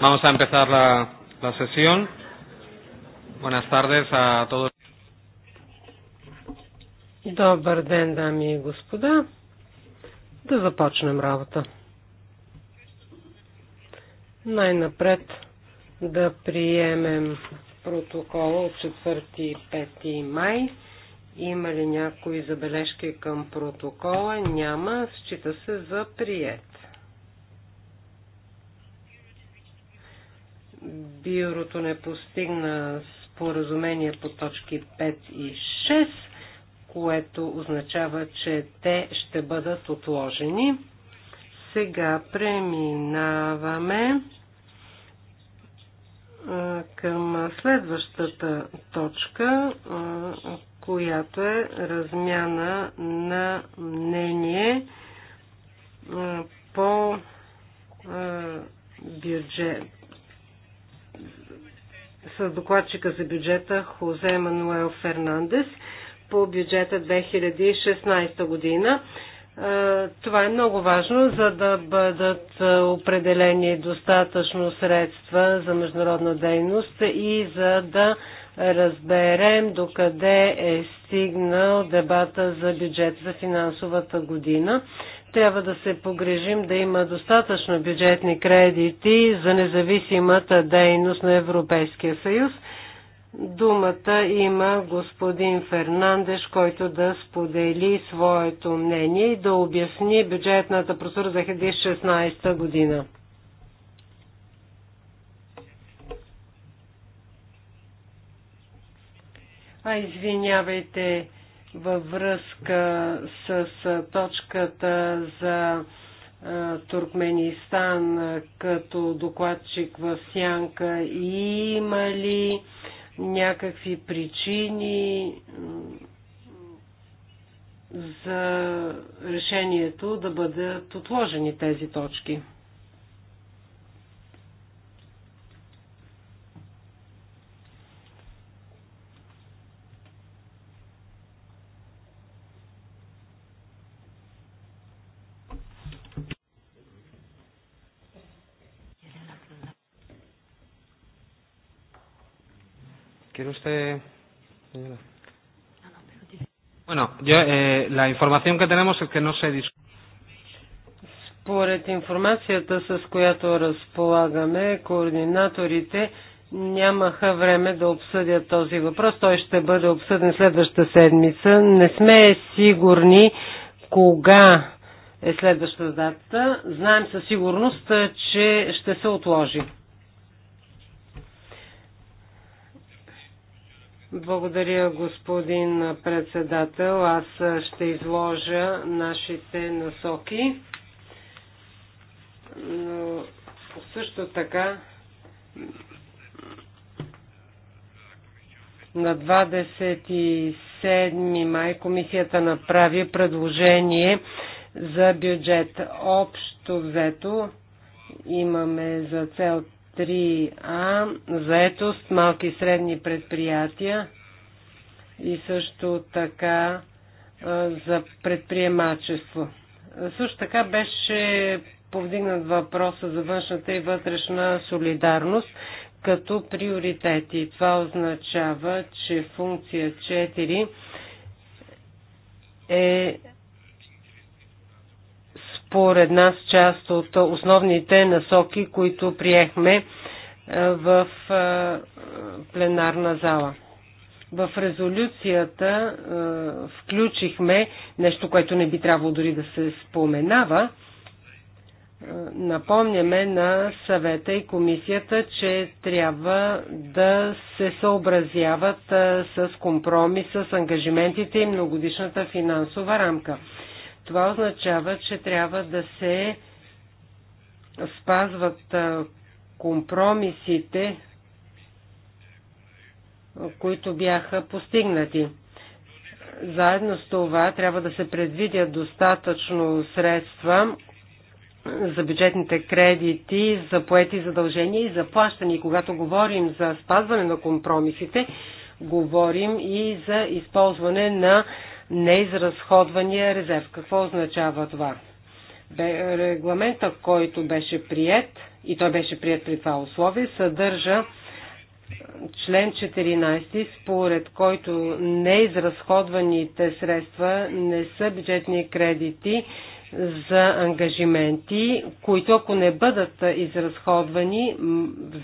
Vamos a empezar la, la sesión. Buenas tardes a todos. Добър ден, дами и господа. Да започнем работа. Най-напред да приемем протокола от 4 и 5 май. Има ли някои забележки към протокола? Няма. Счита се за прият. Бюрото не постигна споразумение по точки 5 и 6, което означава, че те ще бъдат отложени. Сега преминаваме към следващата точка, която е размяна на мнение по бюджет, с докладчика за бюджета Хозе Мануел Фернандес по бюджета 2016 година. Това е много важно, за да бъдат определени достатъчно средства за международна дейност и за да разберем докъде е стигнал дебата за бюджет за финансовата година. Трябва да се погрежим да има достатъчно бюджетни кредити за независимата дейност на Европейския съюз. Думата има господин Фернандеш, който да сподели своето мнение и да обясни бюджетната процедура за 2016 година. А, извинявайте, във връзка с точката за Туркменистан като докладчик в Сянка? Има ли някакви причини за решението да бъдат отложени тези точки? usted, señora? Bueno, yo, eh, la información que tenemos es que no se discute. Според информацията, с която разполагаме, координаторите нямаха време да обсъдят този въпрос. Той ще бъде обсъден следващата седмица. Не сме сигурни кога е следващата дата. Знаем със сигурност, че ще се отложи. Благодаря, господин председател. Аз ще изложа нашите насоки. Но също така на 27 май комисията направи предложение за бюджет. Общо взето имаме за цел 3А, заетост, малки и средни предприятия и също така за предприемачество. Също така беше повдигнат въпроса за външната и вътрешна солидарност като приоритети. Това означава, че функция 4 е според нас част от основните насоки, които приехме е, в е, пленарна зала. В резолюцията е, включихме нещо, което не би трябвало дори да се споменава. Напомняме на съвета и комисията, че трябва да се съобразяват с компромис, с ангажиментите и многодишната финансова рамка. Това означава, че трябва да се спазват компромисите, които бяха постигнати. Заедно с това трябва да се предвидят достатъчно средства за бюджетните кредити, за поети задължения и за когато говорим за спазване на компромисите, говорим и за използване на неизразходвания резерв. Какво означава това? регламента, който беше прият, и той беше прият при това условие, съдържа член 14, според който неизразходваните средства не са бюджетни кредити за ангажименти, които ако не бъдат изразходвани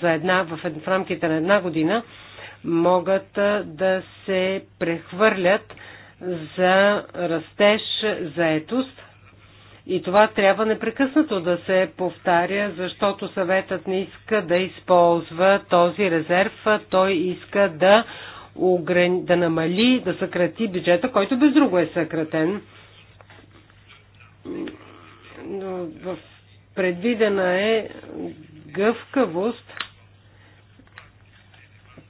за една, в, в рамките на една година, могат да се прехвърлят за растеж, заетост. И това трябва непрекъснато да се повтаря, защото съветът не иска да използва този резерв. Той иска да, ограни... да намали, да съкрати бюджета, който без друго е съкратен. Но в предвидена е гъвкавост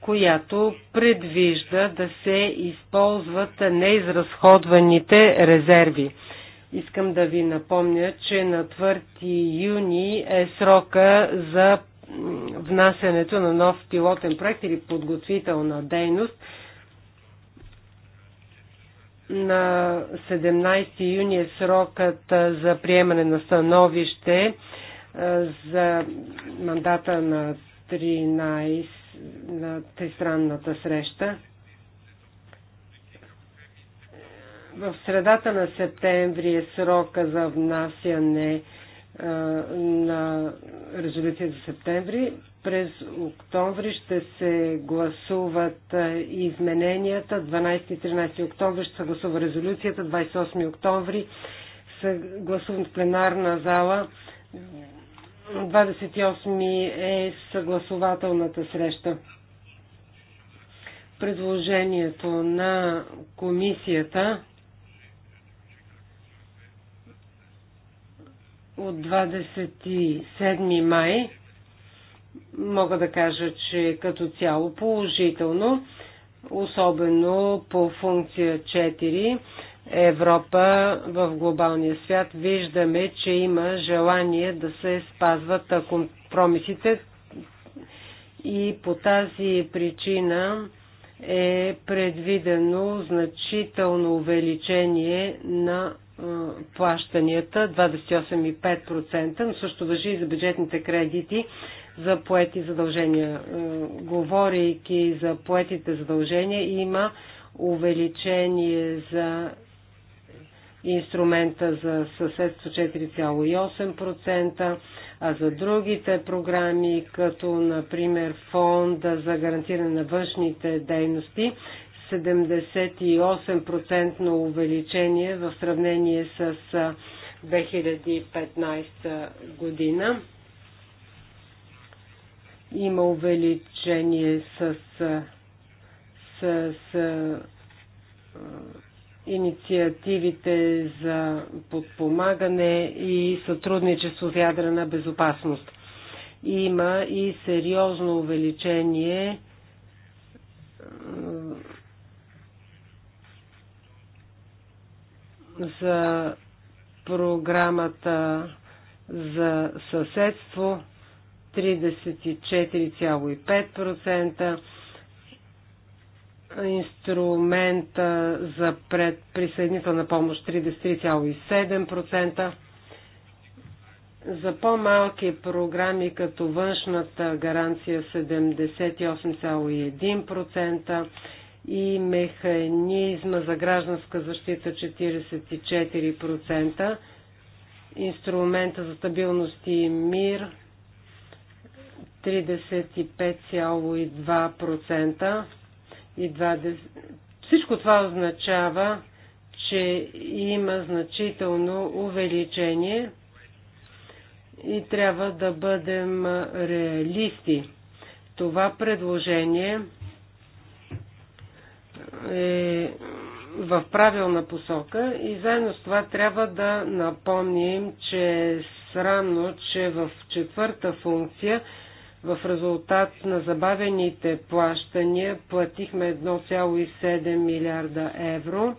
която предвижда да се използват неизразходваните резерви. Искам да ви напомня, че на 4 юни е срока за внасянето на нов пилотен проект или подготвителна дейност. На 17 юни е срокът за приемане на становище за мандата на 13 на тристранната среща. В средата на септември е срока за внасяне на резолюция за септември. През октомври ще се гласуват измененията. 12 и 13 октомври ще се гласува резолюцията. 28 октомври се гласуват в пленарна зала. 28 е съгласователната среща. Предложението на комисията от 27 май мога да кажа, че като цяло положително, особено по функция 4 Европа в глобалния свят. Виждаме, че има желание да се спазват компромисите и по тази причина е предвидено значително увеличение на плащанията 28,5%, но също въжи и за бюджетните кредити за поети задължения. Говорейки за поетите задължения, има увеличение за инструмента за съседство 4,8%, а за другите програми, като например фонда за гарантиране на външните дейности, 78% увеличение в сравнение с 2015 година. Има увеличение с, с, с инициативите за подпомагане и сътрудничество в ядра на безопасност. Има и сериозно увеличение за програмата за съседство 34,5%, инструмента за предприсъединителна помощ 33,7%. За по-малки програми като външната гаранция 78,1% и механизма за гражданска защита 44%, инструмента за стабилност и мир 35,2%, 20... Всичко това означава, че има значително увеличение и трябва да бъдем реалисти. Това предложение е в правилна посока и заедно с това трябва да напомним, че е срамно, че в четвърта функция в резултат на забавените плащания платихме 1,7 милиарда евро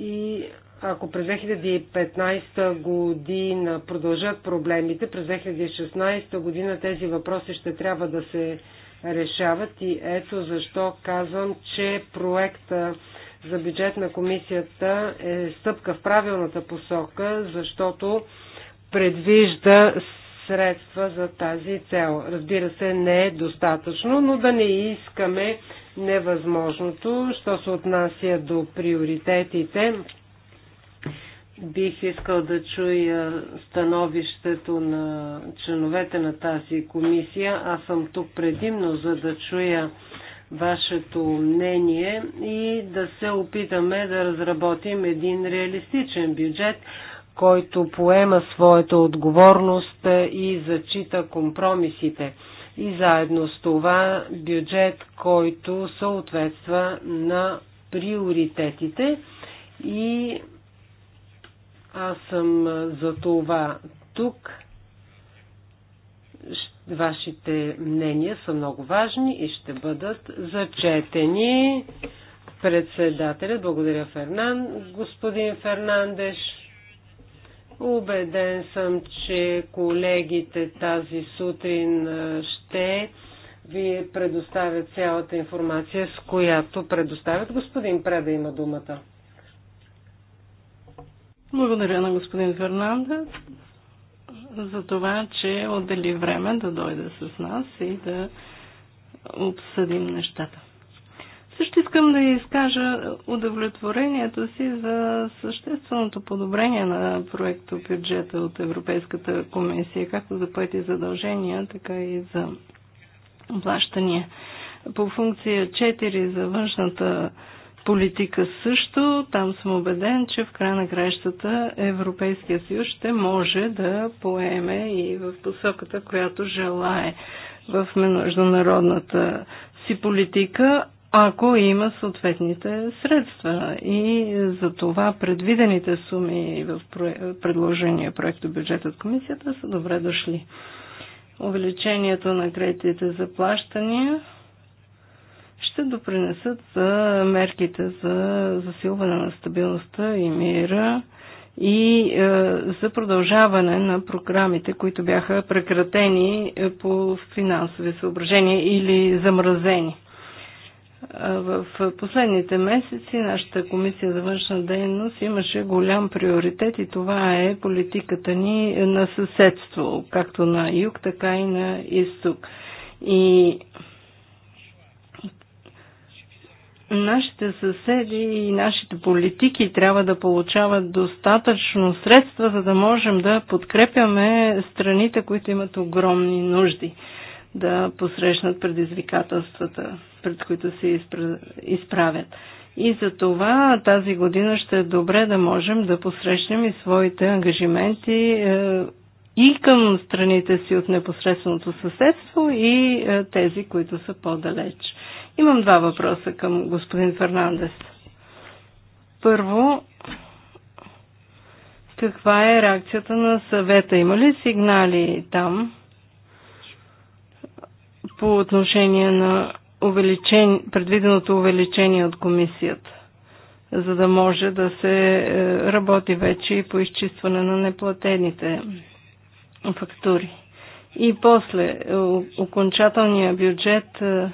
и ако през 2015 година продължат проблемите, през 2016 година тези въпроси ще трябва да се решават и ето защо казвам, че проекта за бюджет на комисията е стъпка в правилната посока, защото предвижда средства за тази цел. Разбира се, не е достатъчно, но да не искаме невъзможното, що се отнася до приоритетите. Бих искал да чуя становището на членовете на тази комисия. Аз съм тук предимно, за да чуя вашето мнение и да се опитаме да разработим един реалистичен бюджет, който поема своята отговорност и зачита компромисите. И заедно с това бюджет, който съответства на приоритетите. И аз съм за това тук. Вашите мнения са много важни и ще бъдат зачетени. Председателят, благодаря Фернан. Господин Фернандеш, Убеден съм, че колегите тази сутрин ще ви предоставят цялата информация, с която предоставят. Господин Преда има думата. Благодаря на господин Фернандес за това, че отдели време да дойде с нас и да обсъдим нещата. Също искам да изкажа удовлетворението си за същественото подобрение на проекта бюджета от Европейската комисия, както за пъти задължения, така и за плащания. По функция 4 за външната политика също, там съм убеден, че в края на краищата Европейския съюз ще може да поеме и в посоката, която желае в международната си политика, ако има съответните средства. И за това предвидените суми в предложения проект от бюджет от комисията са добре дошли. Увеличението на кредитите за плащания ще допринесат за мерките за засилване на стабилността и мира и е, за продължаване на програмите, които бяха прекратени е, по финансови съображения или замразени. В последните месеци нашата комисия за външна дейност имаше голям приоритет и това е политиката ни на съседство, както на юг, така и на изток. И нашите съседи и нашите политики трябва да получават достатъчно средства, за да можем да подкрепяме страните, които имат огромни нужди да посрещнат предизвикателствата пред които се изправят. И за това тази година ще е добре да можем да посрещнем и своите ангажименти е, и към страните си от непосредственото съседство и е, тези, които са по-далеч. Имам два въпроса към господин Фернандес. Първо, каква е реакцията на съвета? Има ли сигнали там по отношение на увеличен, предвиденото увеличение от комисията, за да може да се е, работи вече и по изчистване на неплатените фактури. И после, е, окончателният бюджет е,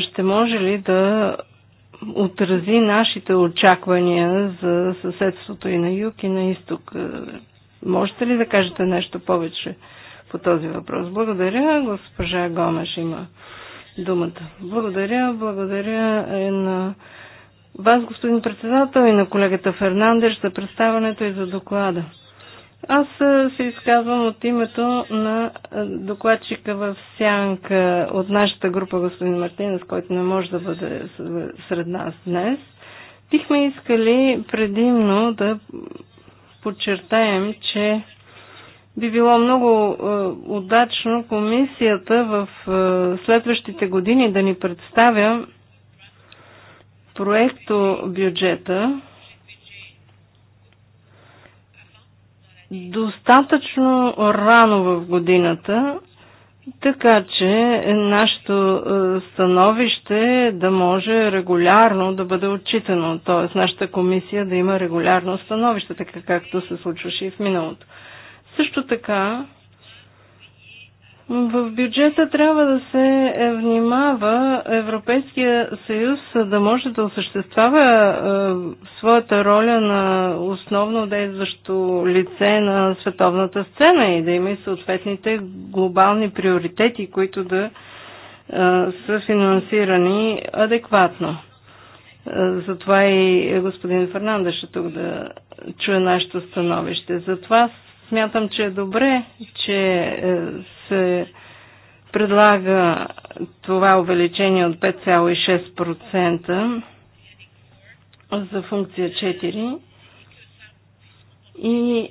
ще може ли да отрази нашите очаквания за съседството и на юг и на изток? Можете ли да кажете нещо повече по този въпрос? Благодаря. Госпожа Гомеш има думата. Благодаря, благодаря и на вас, господин председател, и на колегата Фернандеш за представането и за доклада. Аз се изказвам от името на докладчика в Сянка от нашата група, господин Мартинес, който не може да бъде сред нас днес. Бихме искали предимно да подчертаем, че би било много е, удачно комисията в е, следващите години да ни представя проекто бюджета достатъчно рано в годината, така че нашето е, становище да може регулярно да бъде отчитано, т.е. нашата комисия да има регулярно становище, така както се случваше и в миналото. Също така, в бюджета трябва да се внимава Европейския съюз да може да осъществява е, своята роля на основно действащо лице на световната сцена и да има и съответните глобални приоритети, които да е, са финансирани адекватно. Е, затова и господин Фернандеш е тук да чуе нашето становище. Затова Смятам, че е добре, че е, се предлага това увеличение от 5,6% за функция 4 и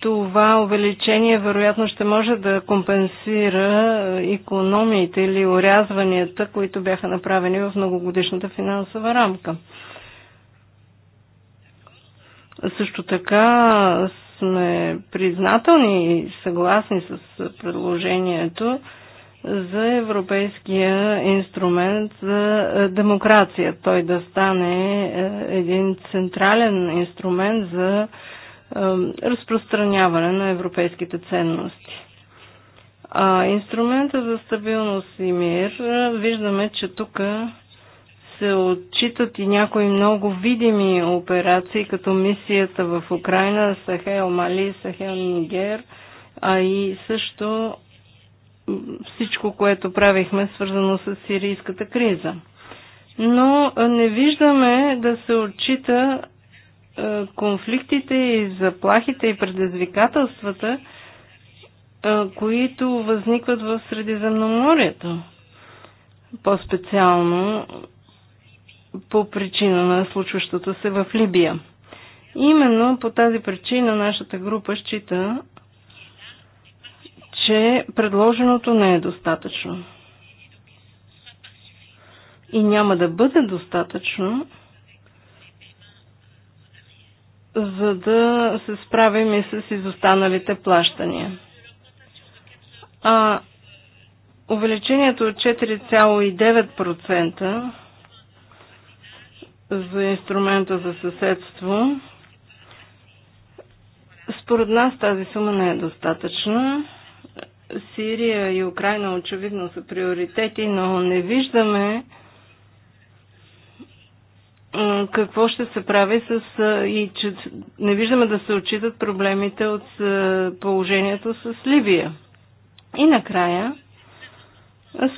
това увеличение вероятно ще може да компенсира економиите или урязванията, които бяха направени в многогодишната финансова рамка. Също така сме признателни и съгласни с предложението за Европейския инструмент за демокрация. Той да стане е, един централен инструмент за е, разпространяване на европейските ценности. А инструмента за стабилност и мир, е, виждаме, че тук се отчитат и някои много видими операции, като мисията в Украина, Сахел Мали, Сахел Нигер, а и също всичко, което правихме, свързано с сирийската криза. Но не виждаме да се отчита е, конфликтите и заплахите и предизвикателствата, е, които възникват в Средиземноморието. По-специално по причина на случващото се в Либия. Именно по тази причина нашата група счита, че предложеното не е достатъчно. И няма да бъде достатъчно, за да се справим и с изостаналите плащания. А увеличението от 4,9% за инструмента за съседство. Според нас тази сума не е достатъчна. Сирия и Украина очевидно са приоритети, но не виждаме какво ще се прави с... и че не виждаме да се отчитат проблемите от положението с Ливия. И накрая,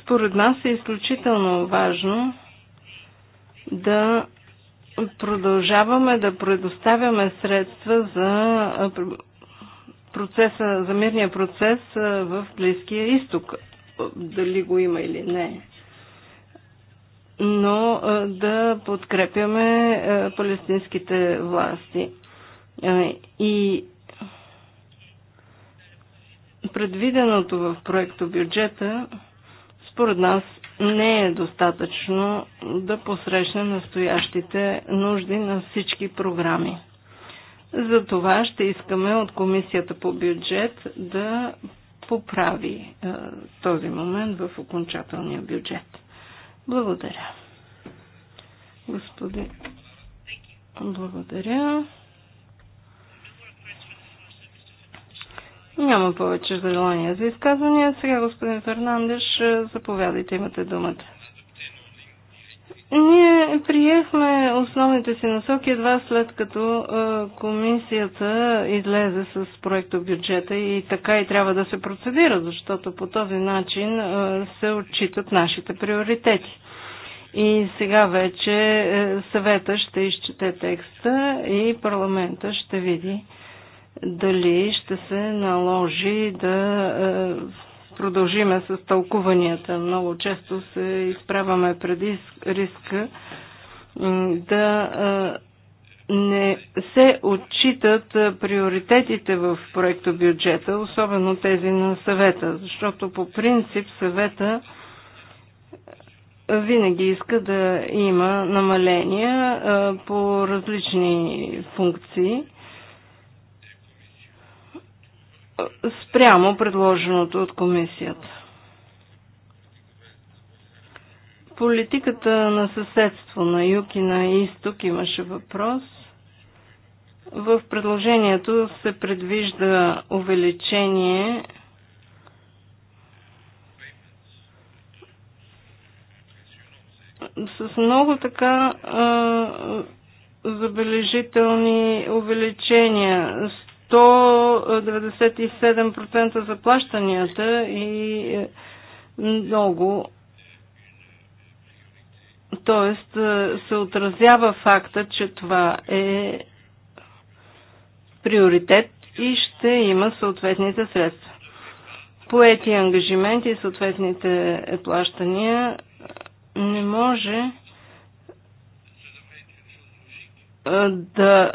според нас е изключително важно да продължаваме да предоставяме средства за процеса, за мирния процес в Близкия изток. Дали го има или не. Но да подкрепяме палестинските власти. И предвиденото в проекто бюджета според нас не е достатъчно да посрещне настоящите нужди на всички програми. За това ще искаме от Комисията по бюджет да поправи е, този момент в окончателния бюджет. Благодаря. Господин. Благодаря. Няма повече желания за изказвания. Сега, господин Фернандеш, заповядайте, имате думата. Ние приехме основните си насоки едва след като комисията излезе с проекто бюджета и така и трябва да се процедира, защото по този начин се отчитат нашите приоритети. И сега вече е, съвета ще изчете текста и парламента ще види дали ще се наложи да е, продължиме с тълкуванията. Много често се изправяме преди риска да е, не се отчитат приоритетите в проекто бюджета, особено тези на съвета, защото по принцип съвета винаги иска да има намаления е, по различни функции спрямо предложеното от комисията. Политиката на съседство на юг и на изток имаше въпрос. В предложението се предвижда увеличение с много така а, забележителни увеличения. 197% за плащанията и е, много. Т.е. се отразява факта, че това е приоритет и ще има съответните средства. Поети ангажименти и съответните плащания не може да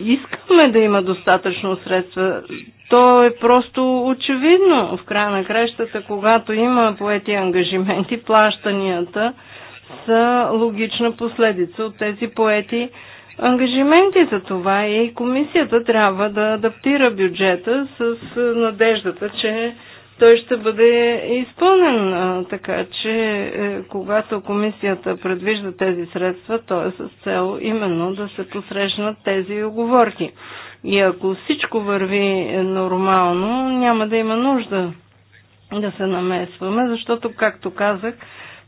искаме да има достатъчно средства. То е просто очевидно. В края на кращата, когато има поети ангажименти, плащанията са логична последица от тези поети ангажименти. За това и комисията трябва да адаптира бюджета с надеждата, че той ще бъде изпълнен. Така че, е, когато комисията предвижда тези средства, то е с цел именно да се посрещнат тези оговорки. И ако всичко върви е, нормално, няма да има нужда да се намесваме, защото, както казах,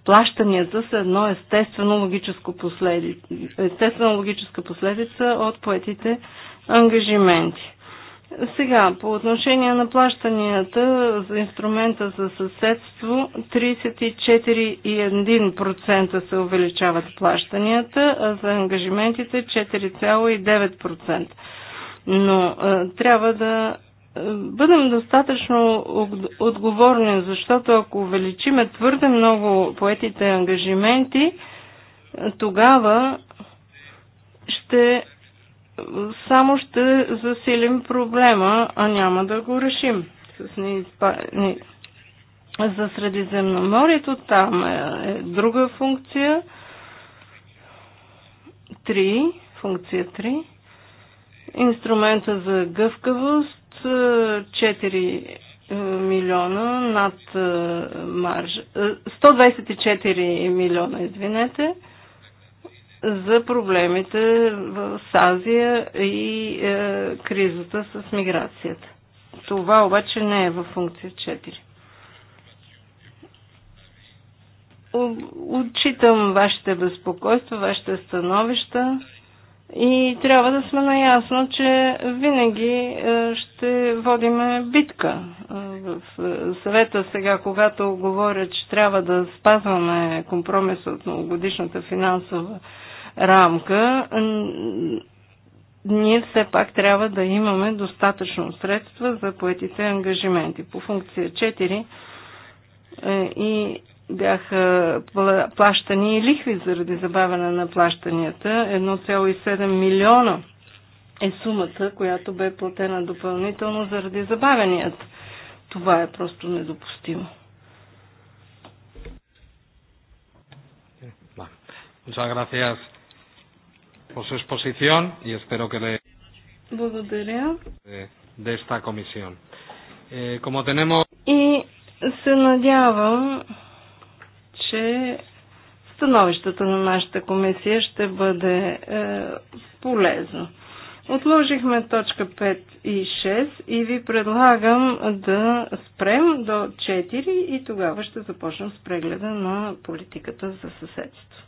плащанията са едно естествено логическо последи... естествено логическа последица от поетите ангажименти. Сега, по отношение на плащанията за инструмента за съседство, 34,1% се увеличават плащанията, а за ангажиментите 4,9%. Но а, трябва да бъдем достатъчно отговорни, защото ако увеличиме твърде много поетите ангажименти, тогава ще само ще засилим проблема, а няма да го решим. С неизпа... не... За Средиземноморието там е, е друга функция. Три, функция 3. Инструмента за гъвкавост 4 е, е, милиона над е, марж. 124 милиона, извинете за проблемите в Азия и е, кризата с миграцията. Това обаче не е във функция 4. Отчитам вашите безпокойства, вашите становища и трябва да сме наясно, че винаги е, ще водиме битка. Е, в е, съвета сега, когато говоря, че трябва да спазваме компромиса от многогодишната финансова рамка, ние все пак трябва да имаме достатъчно средства за поетите ангажименти. По функция 4 е, и бяха плащани и лихви заради забавяне на плащанията. 1,7 милиона е сумата, която бе платена допълнително заради забавянията. Това е просто недопустимо. Muchas е, gracias por su exposición y espero que le благодаря de, de esta comisión. Eh, como tenemos и се надявам, че становището на нашата комисия ще бъде е, полезно. Отложихме точка 5 и 6 и ви предлагам да спрем до 4 и тогава ще започнем с прегледа на политиката за съседство.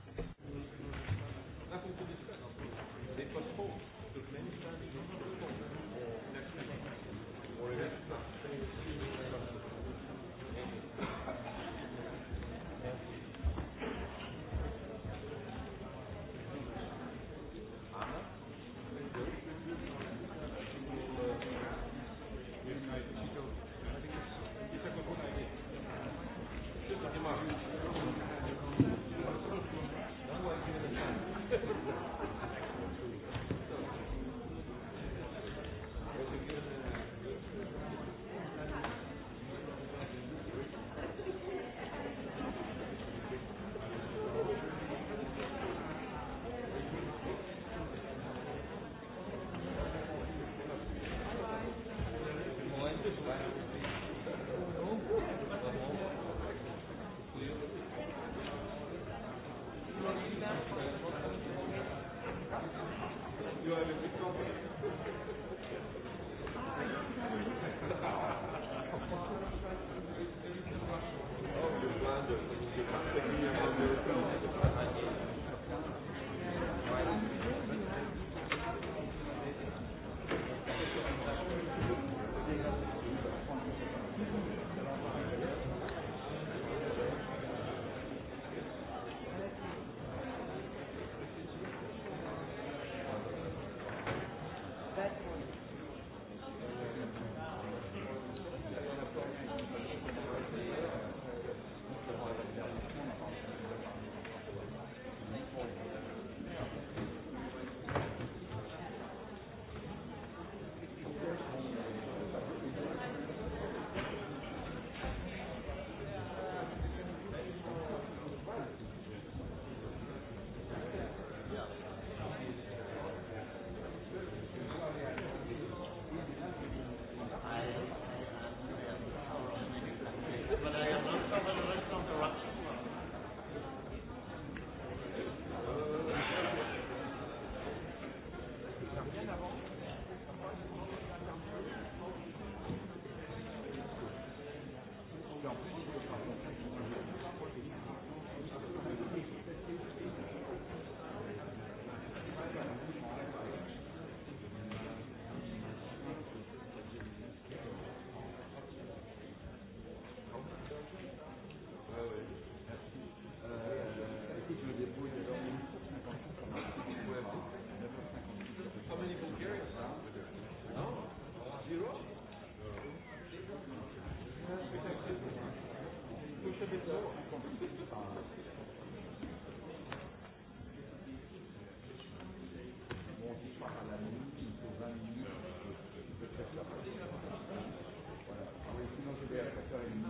Gracias.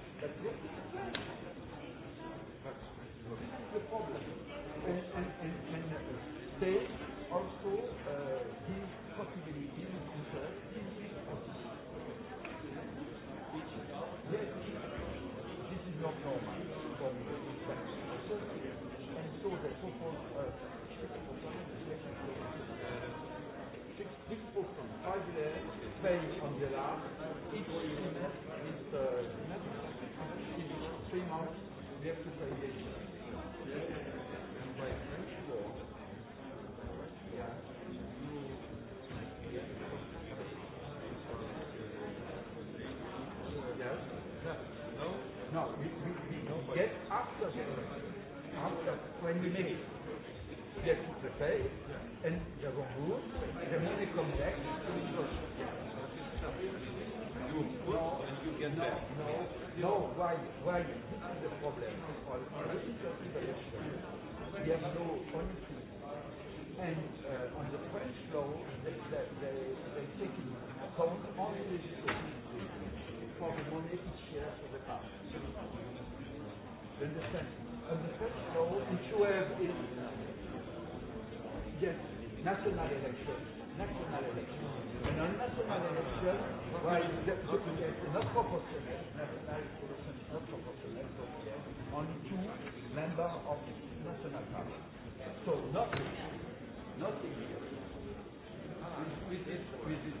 Understand. Understand. So, if you have is yes, national election, national election, and on national election, why the, not proportional, national proportional, so only two members of national parliament. So nothing, nothing. With, with, with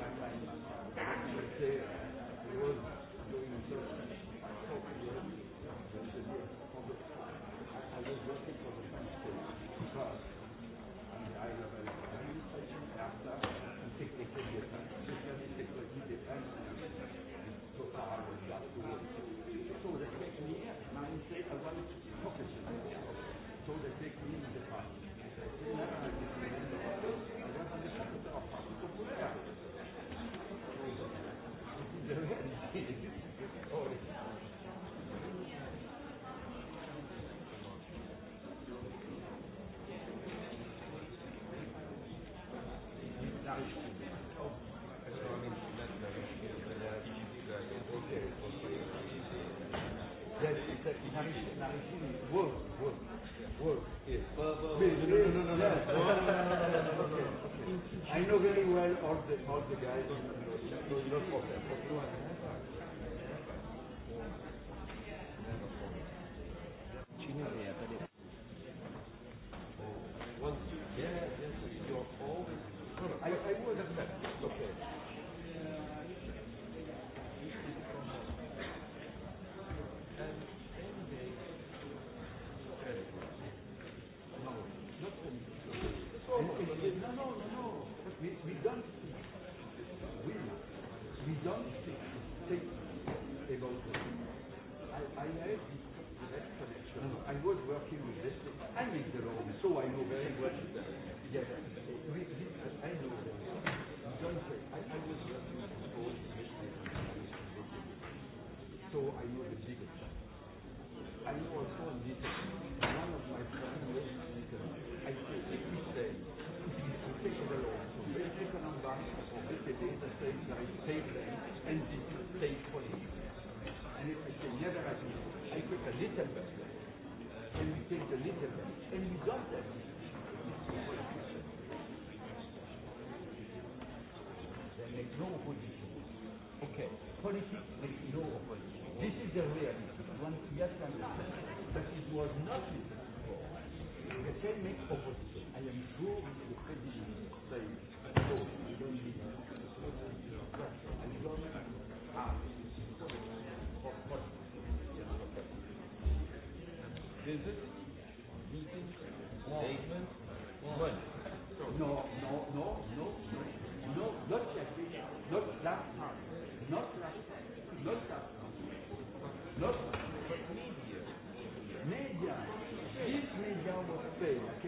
I know very well all the all the guys in the so you know for for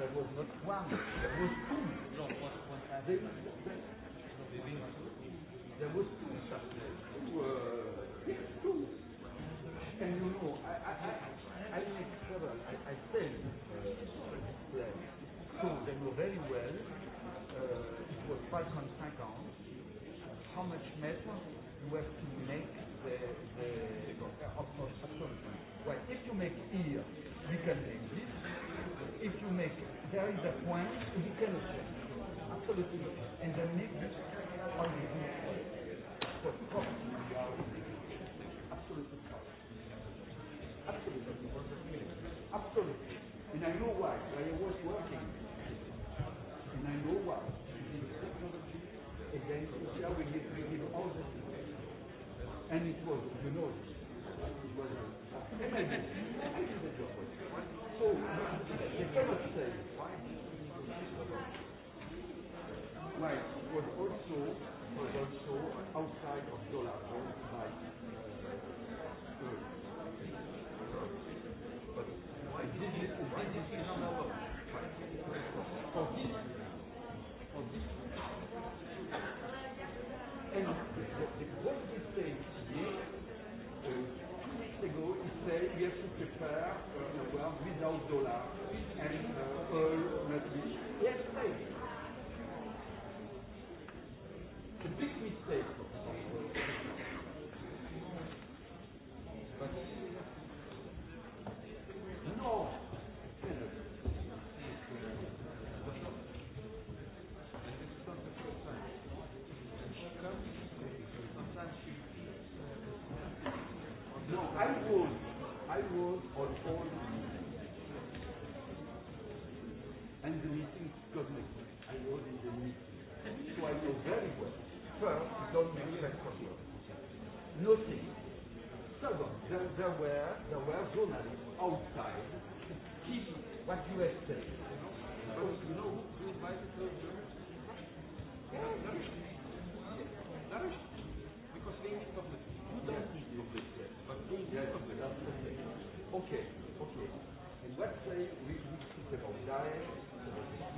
there was not one, there was two. No, there was two such two, uh, two. And you know, I, I, I, I make several, I, I uh, they know very well uh, it was how much metal you have to make the, the, there is a point we can achieve. Absolutely. And the next one is for cost. Absolutely. Absolutely. Absolutely. And I know why. I was working. And I know why. And then we give all the And it was, you know, Okay, okay. In let's say we speak about diet,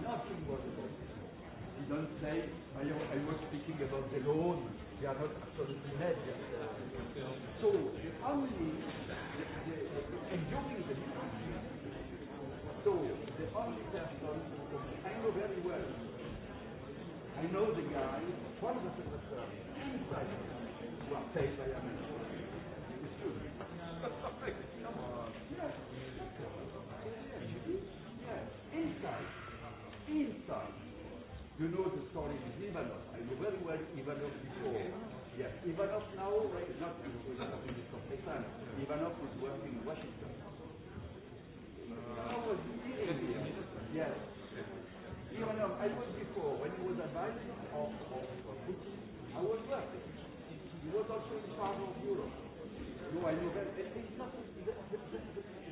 nothing was about this. You don't say, I, was speaking about the loan, they are not absolutely So, how many, enjoying the difference? So, the only person who know very well. I know the guy, one of the secretaries, inside well, paid by a It's true. Yes. Inside. Inside. You know the story with Ivanov. I know very well Ivanov before. Yes, Ivanov now, not in the Kazakhstan. Ivanov was working in Washington. Uh, yes no, I was before. When he was advising of, of Putin, I was there. He was also in part of Europe. No, I know very well. It's not. There, there,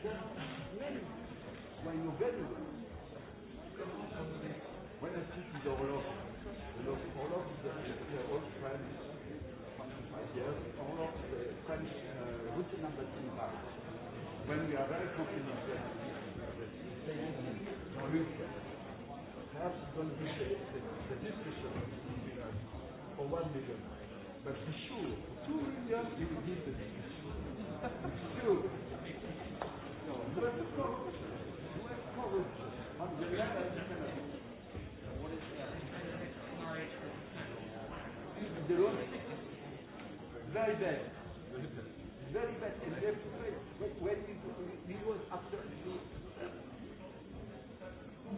there are many who I know very well. When I speak with Orlov, Orlov, Orlov is an old friend, 25 years. Orlov is a French uh, Russian embassy in Paris. When we are very confident that we are very one million, but for sure, two million, you will the what is Very bad. Very bad. And they have to when we, was after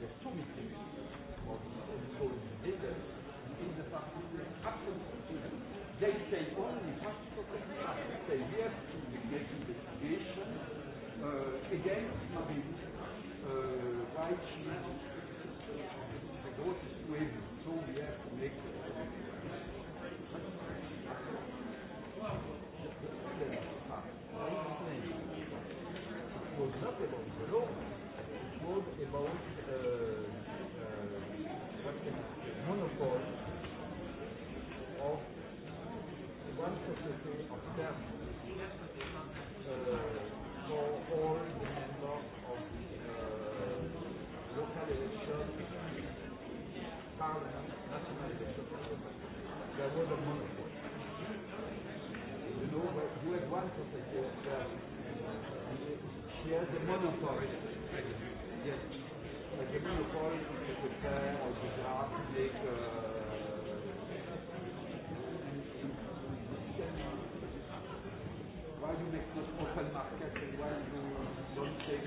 They say only They have to make investigation uh, against Nabil uh, by China. The so we have to make it. It was not about the law, it was about She has a monopoly. Yes. Like a monopoly qui peut faire du gras public. Why you make this open market and why you don't take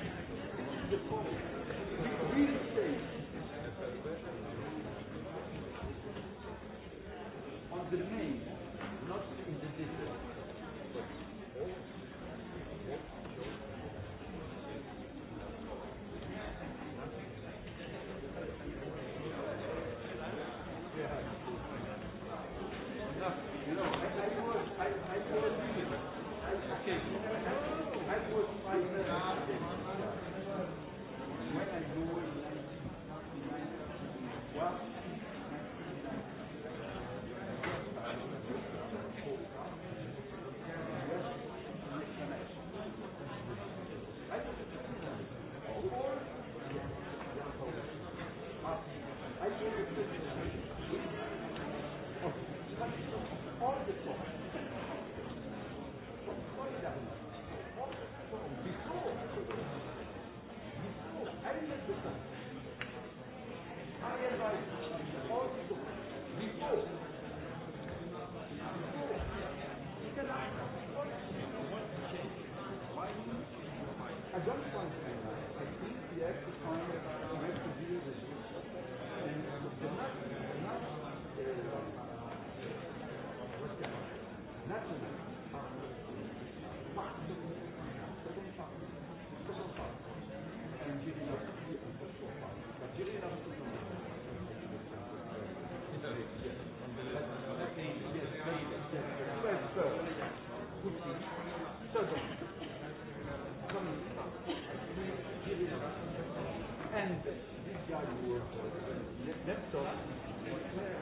Laptop.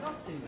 Nothing.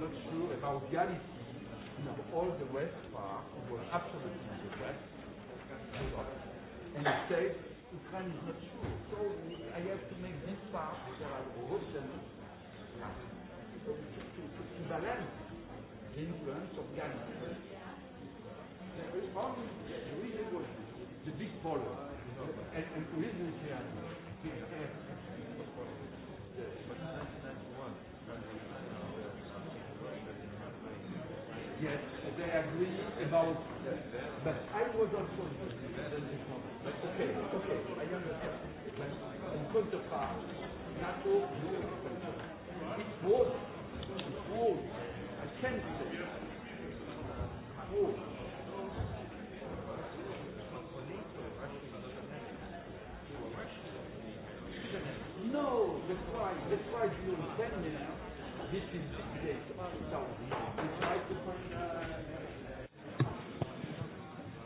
not sure about reality. No, all the west part was absolutely the west. And he said, Ukraine is not sure. So I have to make this part where I wrote to, to balance the influence of reality. The big problem. And, and reason is here. about. But I was on point. Okay, okay, I understand. in point of fact, NATO, it was, it was attempted. It was. No, the price, the price you send me now, this is the date, 2000. The price to find, uh,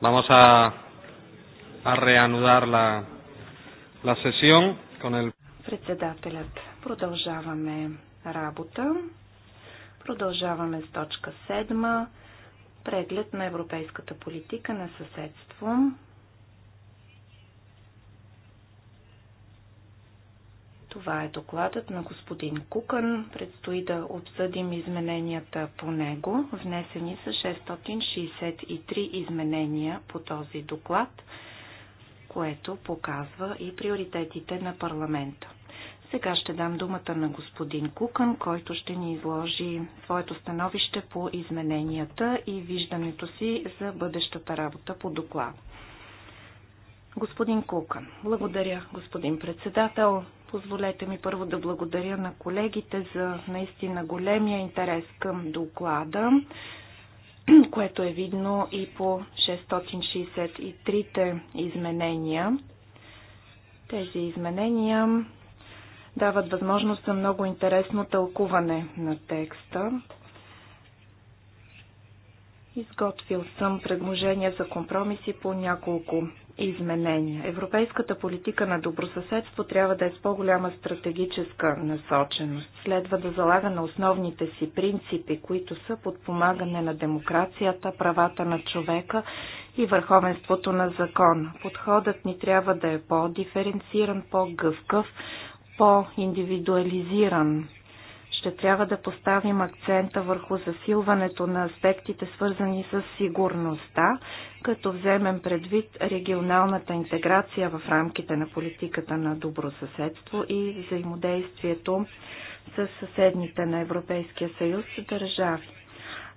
Vamos a, a reanudar la, la sesión con el... Председателят. Продължаваме работа. Продължаваме с точка 7. Преглед на европейската политика на съседство. Това е докладът на господин Кукън. Предстои да обсъдим измененията по него. Внесени са 663 изменения по този доклад, което показва и приоритетите на парламента. Сега ще дам думата на господин Кукън, който ще ни изложи своето становище по измененията и виждането си за бъдещата работа по доклад. Господин Кукън. Благодаря, господин председател. Позволете ми първо да благодаря на колегите за наистина големия интерес към доклада, което е видно и по 663-те изменения. Тези изменения дават възможност за много интересно тълкуване на текста. Изготвил съм предложения за компромиси по няколко изменения. Европейската политика на добросъседство трябва да е с по-голяма стратегическа насоченост. Следва да залага на основните си принципи, които са подпомагане на демокрацията, правата на човека и върховенството на закона. Подходът ни трябва да е по-диференциран, по гъвкъв по-индивидуализиран ще трябва да поставим акцента върху засилването на аспектите, свързани с сигурността, като вземем предвид регионалната интеграция в рамките на политиката на добросъседство и взаимодействието с съседните на Европейския съюз държави.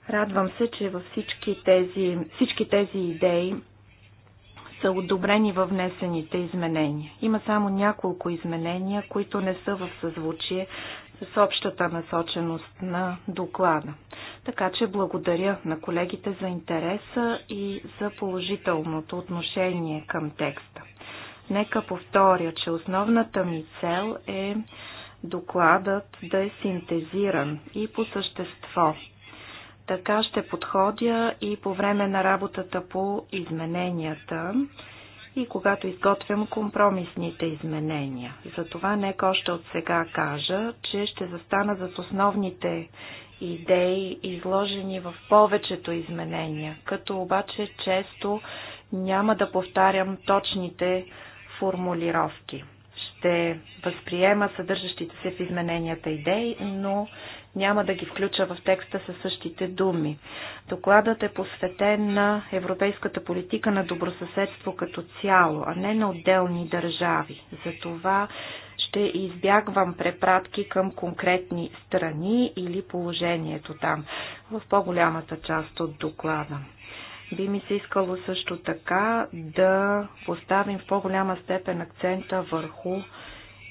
Радвам се, че във всички тези, всички тези идеи са одобрени във внесените изменения. Има само няколко изменения, които не са в съзвучие с общата насоченост на доклада. Така че благодаря на колегите за интереса и за положителното отношение към текста. Нека повторя, че основната ми цел е докладът да е синтезиран и по същество. Така ще подходя и по време на работата по измененията и когато изготвям компромисните изменения. Затова нека още от сега кажа, че ще застана зад основните идеи, изложени в повечето изменения, като обаче често няма да повтарям точните формулировки ще възприема съдържащите се в измененията идеи, но няма да ги включа в текста със същите думи. Докладът е посветен на европейската политика на добросъседство като цяло, а не на отделни държави. Затова ще избягвам препратки към конкретни страни или положението там в по-голямата част от доклада. Би ми се искало също така да поставим в по-голяма степен акцента върху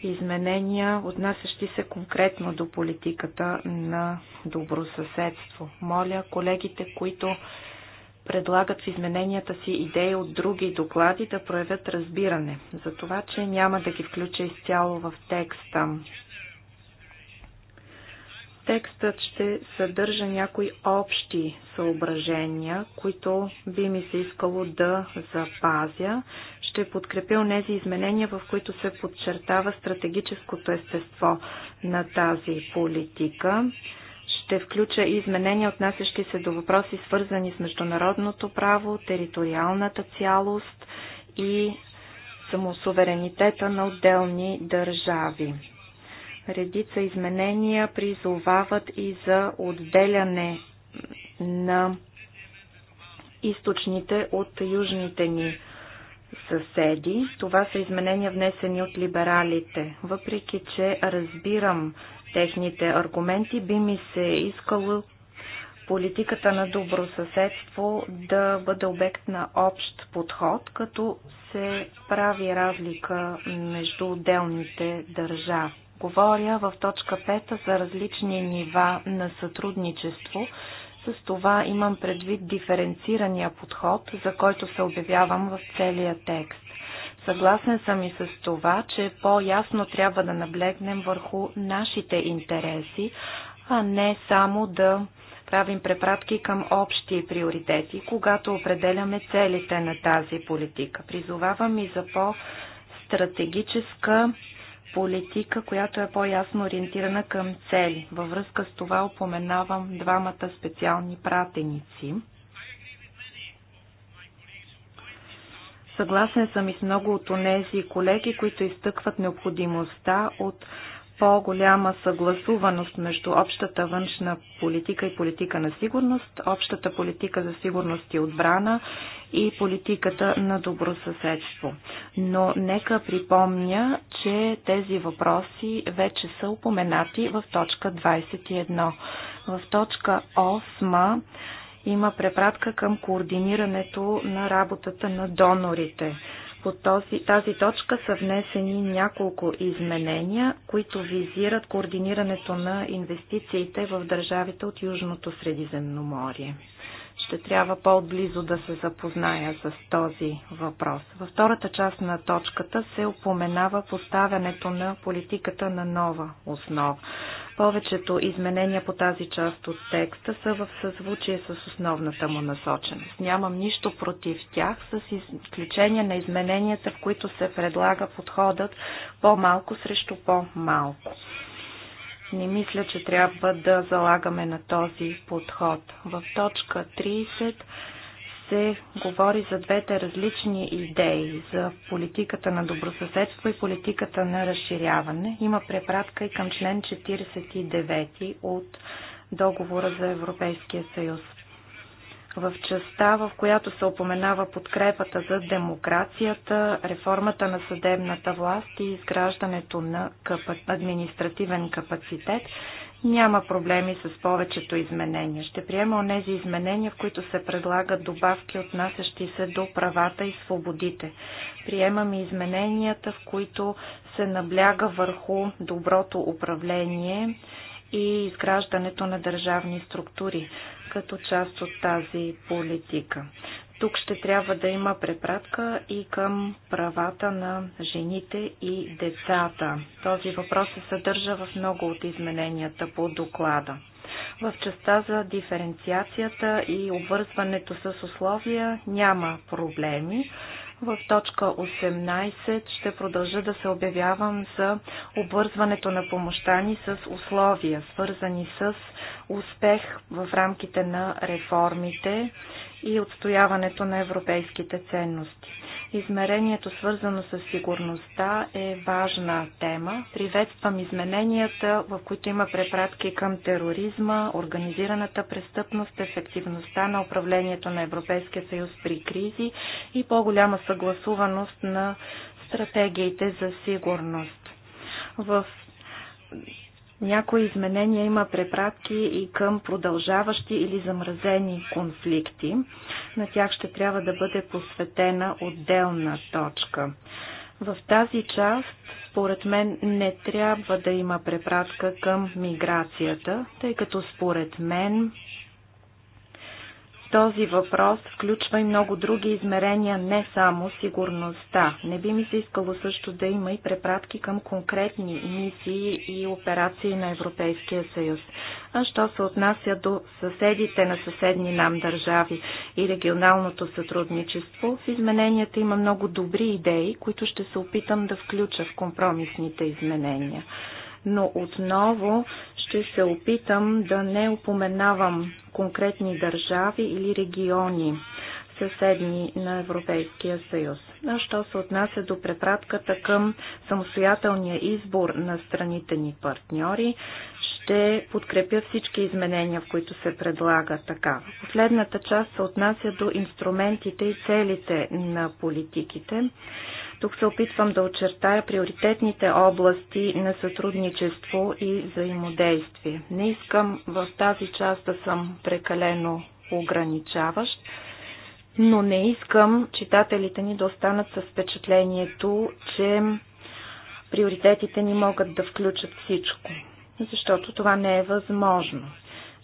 изменения, отнасящи се конкретно до политиката на добросъседство. Моля колегите, които предлагат в измененията си идеи от други доклади да проявят разбиране за това, че няма да ги включа изцяло в текста. Текстът ще съдържа някои общи съображения, които би ми се искало да запазя. Ще подкрепя тези изменения, в които се подчертава стратегическото естество на тази политика ще включа и изменения, отнасящи се до въпроси, свързани с международното право, териториалната цялост и самосуверенитета на отделни държави. Редица изменения призовават и за отделяне на източните от южните ни съседи. Това са изменения внесени от либералите. Въпреки, че разбирам техните аргументи, би ми се искало политиката на добросъседство да бъде обект на общ подход, като се прави разлика между отделните държави говоря в точка 5 за различни нива на сътрудничество. С това имам предвид диференцирания подход, за който се обявявам в целия текст. Съгласен съм и с това, че по-ясно трябва да наблегнем върху нашите интереси, а не само да правим препратки към общи приоритети, когато определяме целите на тази политика. Призовавам и за по-стратегическа политика, която е по-ясно ориентирана към цели. Във връзка с това упоменавам двамата специални пратеници. Съгласен съм и с много от тези колеги, които изтъкват необходимостта от по-голяма съгласуваност между общата външна политика и политика на сигурност, общата политика за сигурност и отбрана и политиката на добросъседство. Но нека припомня, че тези въпроси вече са упоменати в точка 21. В точка 8 има препратка към координирането на работата на донорите. По този, тази точка са внесени няколко изменения, които визират координирането на инвестициите в държавите от Южното Средиземноморие. Ще трябва по-близо да се запозная с този въпрос. Във втората част на точката се упоменава поставянето на политиката на нова основа. Повечето изменения по тази част от текста са в съзвучие с основната му насоченост. Нямам нищо против тях, с изключение на измененията, в които се предлага подходът по-малко срещу по-малко. Не мисля, че трябва да залагаме на този подход. В точка 30 се говори за двете различни идеи, за политиката на добросъседство и политиката на разширяване. Има препратка и към член 49 от договора за Европейския съюз. В частта, в която се упоменава подкрепата за демокрацията, реформата на съдебната власт и изграждането на административен капацитет, няма проблеми с повечето изменения. Ще приема онези изменения, в които се предлагат добавки, отнасящи се до правата и свободите. Приемам и измененията, в които се набляга върху доброто управление и изграждането на държавни структури като част от тази политика. Тук ще трябва да има препратка и към правата на жените и децата. Този въпрос се съдържа в много от измененията по доклада. В частта за диференциацията и обвързването с условия няма проблеми. В точка 18 ще продължа да се обявявам за обвързването на помощта ни с условия, свързани с успех в рамките на реформите и отстояването на европейските ценности. Измерението, свързано с сигурността, е важна тема. Приветствам измененията, в които има препратки към тероризма, организираната престъпност, ефективността на управлението на Европейския съюз при кризи и по-голяма съгласуваност на стратегиите за сигурност. В някои изменения има препратки и към продължаващи или замразени конфликти. На тях ще трябва да бъде посветена отделна точка. В тази част, според мен, не трябва да има препратка към миграцията, тъй като според мен този въпрос включва и много други измерения, не само сигурността. Не би ми се искало също да има и препратки към конкретни мисии и операции на Европейския съюз. А що се отнася до съседите на съседни нам държави и регионалното сътрудничество, в измененията има много добри идеи, които ще се опитам да включа в компромисните изменения но отново ще се опитам да не упоменавам конкретни държави или региони съседни на Европейския съюз. А що се отнася до препратката към самостоятелния избор на страните ни партньори, ще подкрепя всички изменения, в които се предлага така. Последната част се отнася до инструментите и целите на политиките. Тук се опитвам да очертая приоритетните области на сътрудничество и взаимодействие. Не искам в тази част да съм прекалено ограничаващ, но не искам читателите ни да останат с впечатлението, че приоритетите ни могат да включат всичко, защото това не е възможно.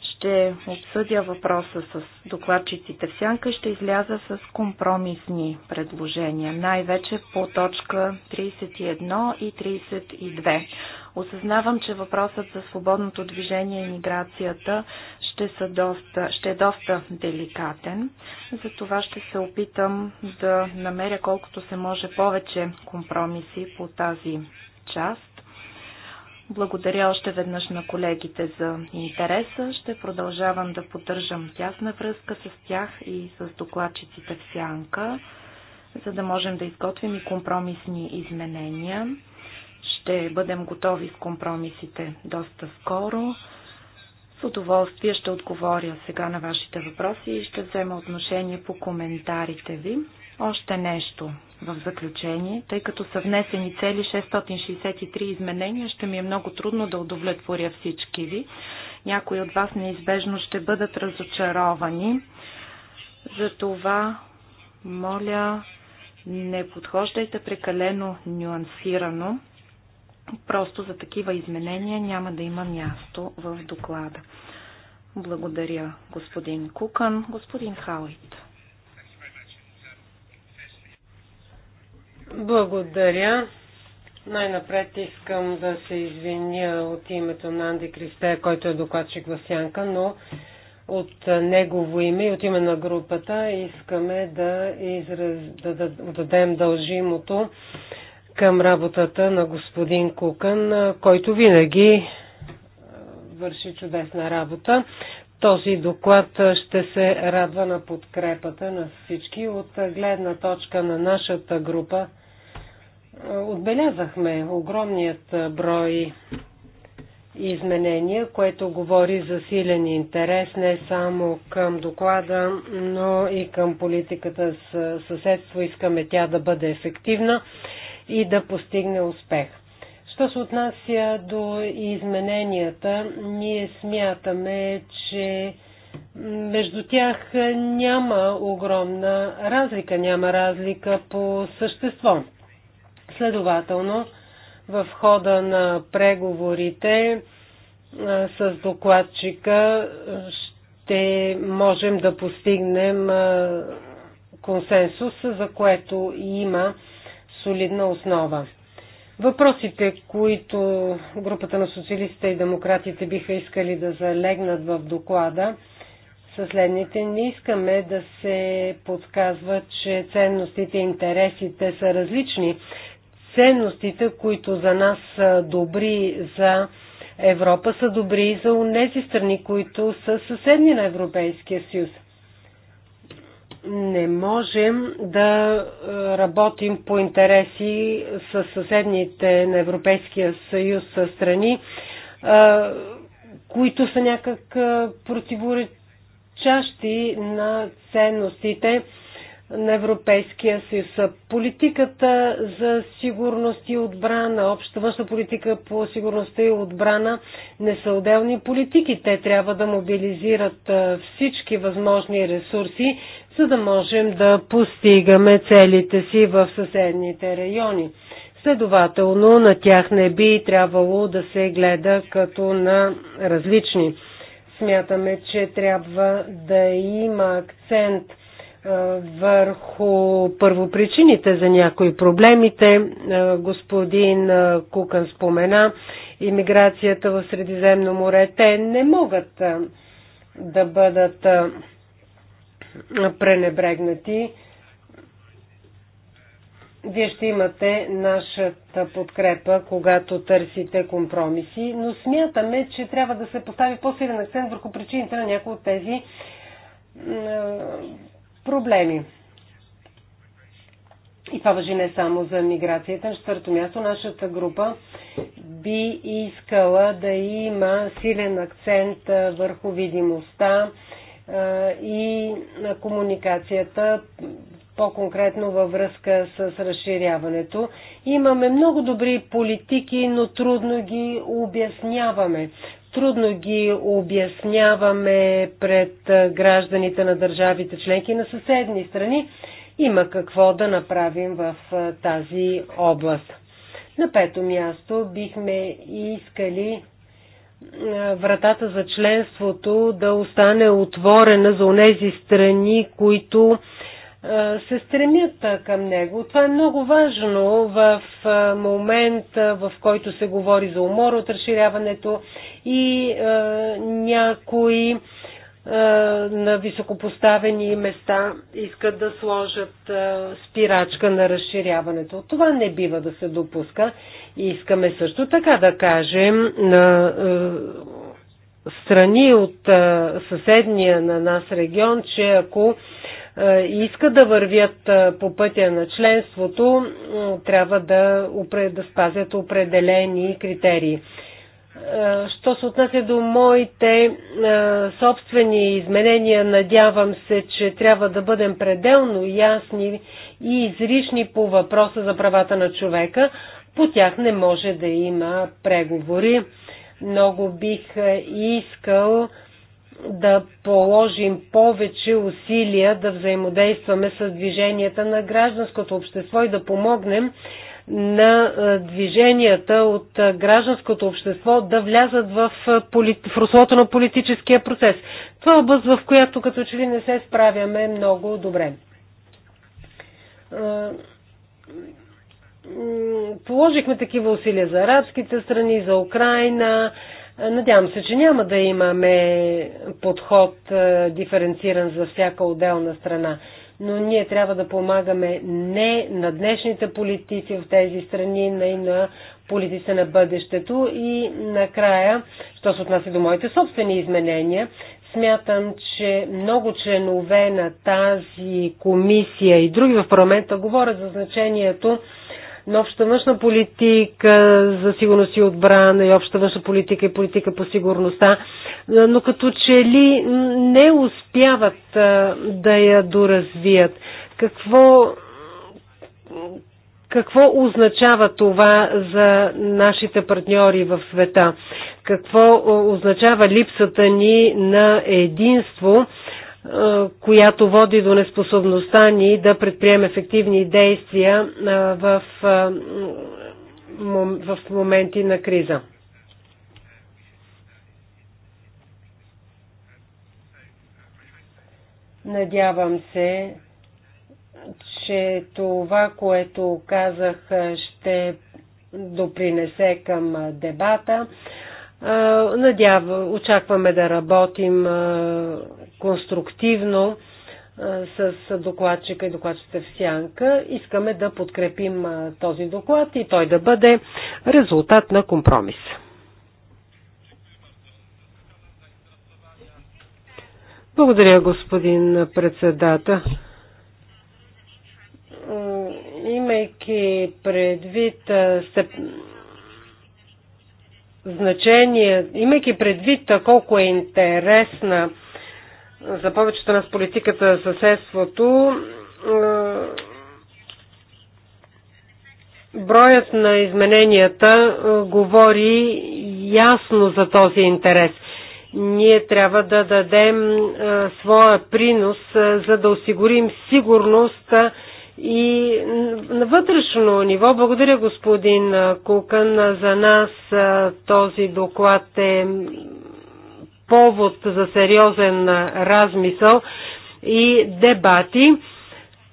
Ще обсъдя въпроса с докладчиците в сянка и ще изляза с компромисни предложения, най-вече по точка 31 и 32. Осъзнавам, че въпросът за свободното движение и миграцията ще, са доста, ще е доста деликатен. Затова ще се опитам да намеря колкото се може повече компромиси по тази част. Благодаря още веднъж на колегите за интереса. Ще продължавам да поддържам тясна връзка с тях и с докладчиците в Сянка, за да можем да изготвим и компромисни изменения. Ще бъдем готови с компромисите доста скоро. С удоволствие ще отговоря сега на вашите въпроси и ще взема отношение по коментарите ви. Още нещо в заключение, тъй като са внесени цели 663 изменения, ще ми е много трудно да удовлетворя всички ви. Някои от вас неизбежно ще бъдат разочаровани. Затова, моля, не подхождайте прекалено нюансирано. Просто за такива изменения няма да има място в доклада. Благодаря, господин Кукан, господин Хауит. Благодаря. Най-напред искам да се извиня от името на Анди Кристе, който е докладчик в Сянка, но от негово име и от име на групата искаме да, израз... да, да дадем дължимото към работата на господин Кукън, който винаги върши чудесна работа. Този доклад ще се радва на подкрепата на всички. От гледна точка на нашата група Отбелязахме огромният брой изменения, което говори за силен интерес не само към доклада, но и към политиката с съседство. Искаме тя да бъде ефективна и да постигне успех. Що се отнася до измененията, ние смятаме, че между тях няма огромна разлика, няма разлика по същество. Следователно, в хода на преговорите с докладчика ще можем да постигнем консенсус, за което има солидна основа. Въпросите, които групата на социалистите и демократите биха искали да залегнат в доклада, са следните. Не искаме да се подказва, че ценностите и интересите са различни ценностите, които за нас са добри за Европа, са добри и за тези страни, които са съседни на Европейския съюз. Не можем да е, работим по интереси с съседните на Европейския съюз страни, е, които са някак е, противоречащи на ценностите на Европейския съюз. Политиката за сигурност и отбрана, обща външна политика по сигурността и отбрана не са отделни политики. Те трябва да мобилизират всички възможни ресурси, за да можем да постигаме целите си в съседните райони. Следователно, на тях не би трябвало да се гледа като на различни. Смятаме, че трябва да има акцент – върху първопричините за някои проблемите. Господин Кукан спомена иммиграцията в Средиземно море. Те не могат да бъдат пренебрегнати. Вие ще имате нашата подкрепа, когато търсите компромиси, но смятаме, че трябва да се постави по-силен акцент върху причините на някои от тези проблеми. И това въжи не само за миграцията. На четвърто място нашата група би искала да има силен акцент върху видимостта и комуникацията, по-конкретно във връзка с разширяването. Имаме много добри политики, но трудно ги обясняваме трудно ги обясняваме пред гражданите на държавите членки на съседни страни. Има какво да направим в тази област. На пето място бихме искали вратата за членството да остане отворена за онези страни, които се стремят към него. Това е много важно в момент, в който се говори за умор от разширяването и някои на високопоставени места искат да сложат спирачка на разширяването. Това не бива да се допуска. искаме също така да кажем на страни от съседния на нас регион, че ако е, искат да вървят е, по пътя на членството, трябва да, да спазят определени критерии. Е, що се отнася до моите собствени изменения, надявам се, че трябва да бъдем пределно ясни и изрични по въпроса за правата на човека. По тях не може да има преговори. Много бих искал да положим повече усилия да взаимодействаме с движенията на гражданското общество и да помогнем на движенията от гражданското общество да влязат в, полит... в руслото на политическия процес. Това е област, в която като че ли не се справяме много добре. Положихме такива усилия за арабските страни, за Украина, Надявам се, че няма да имаме подход е, диференциран за всяка отделна страна, но ние трябва да помагаме не на днешните политици в тези страни, но и на политици на бъдещето. И накрая, що се отнася до моите собствени изменения, смятам, че много членове на тази комисия и други в парламента говорят за значението на обща външна политика за сигурност и отбрана и обща външна политика и политика по сигурността, но като че ли не успяват да я доразвият. Какво, какво означава това за нашите партньори в света? Какво означава липсата ни на единство която води до неспособността ни да предприем ефективни действия в, в моменти на криза. Надявам се, че това, което казах, ще допринесе към дебата. Надявам, очакваме да работим конструктивно с докладчика и докладчите в сянка. Искаме да подкрепим този доклад и той да бъде резултат на компромис. Благодаря, господин председател. Имайки предвид степ... значение, имайки предвид колко е интересна за повечето нас политиката за съседството, броят на измененията говори ясно за този интерес. Ние трябва да дадем своя принос, за да осигурим сигурност и на вътрешно ниво, благодаря господин Кукан, за нас този доклад е повод за сериозен размисъл и дебати.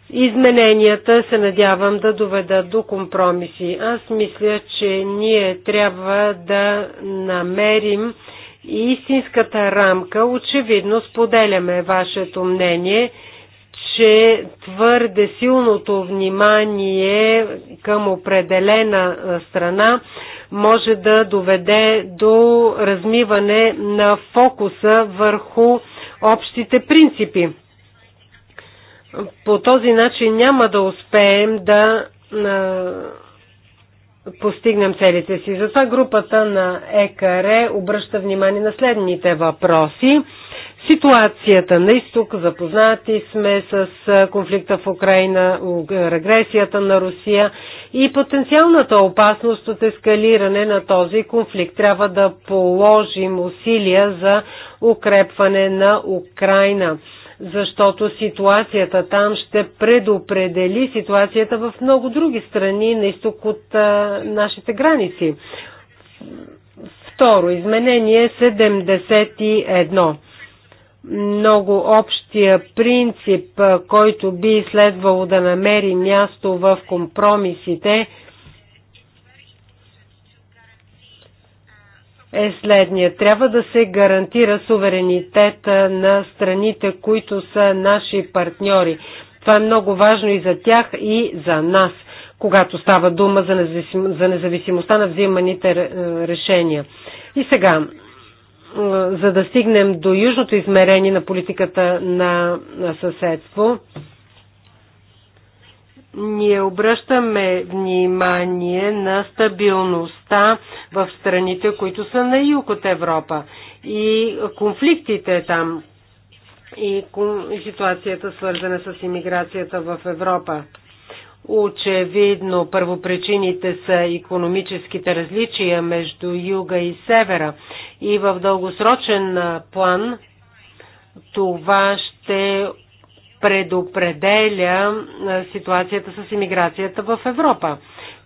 Измененията се надявам да доведат до компромиси. Аз мисля, че ние трябва да намерим истинската рамка. Очевидно споделяме вашето мнение, че твърде силното внимание към определена страна може да доведе до размиване на фокуса върху общите принципи. По този начин няма да успеем да постигнем целите си. Затова групата на ЕКР обръща внимание на следните въпроси ситуацията на изток, запознати сме с конфликта в Украина, регресията на Русия и потенциалната опасност от ескалиране на този конфликт. Трябва да положим усилия за укрепване на Украина защото ситуацията там ще предопредели ситуацията в много други страни на изток от а, нашите граници. Второ, изменение 71 много общия принцип, който би следвало да намери място в компромисите, е следния. Трябва да се гарантира суверенитета на страните, които са наши партньори. Това е много важно и за тях, и за нас, когато става дума за, за независимостта на взиманите е, решения. И сега, за да стигнем до южното измерение на политиката на, на съседство, ние обръщаме внимание на стабилността в страните, които са на юг от Европа и конфликтите там и ситуацията свързана с иммиграцията в Европа. Очевидно, първопричините са економическите различия между юга и севера и в дългосрочен план това ще предопределя ситуацията с иммиграцията в Европа.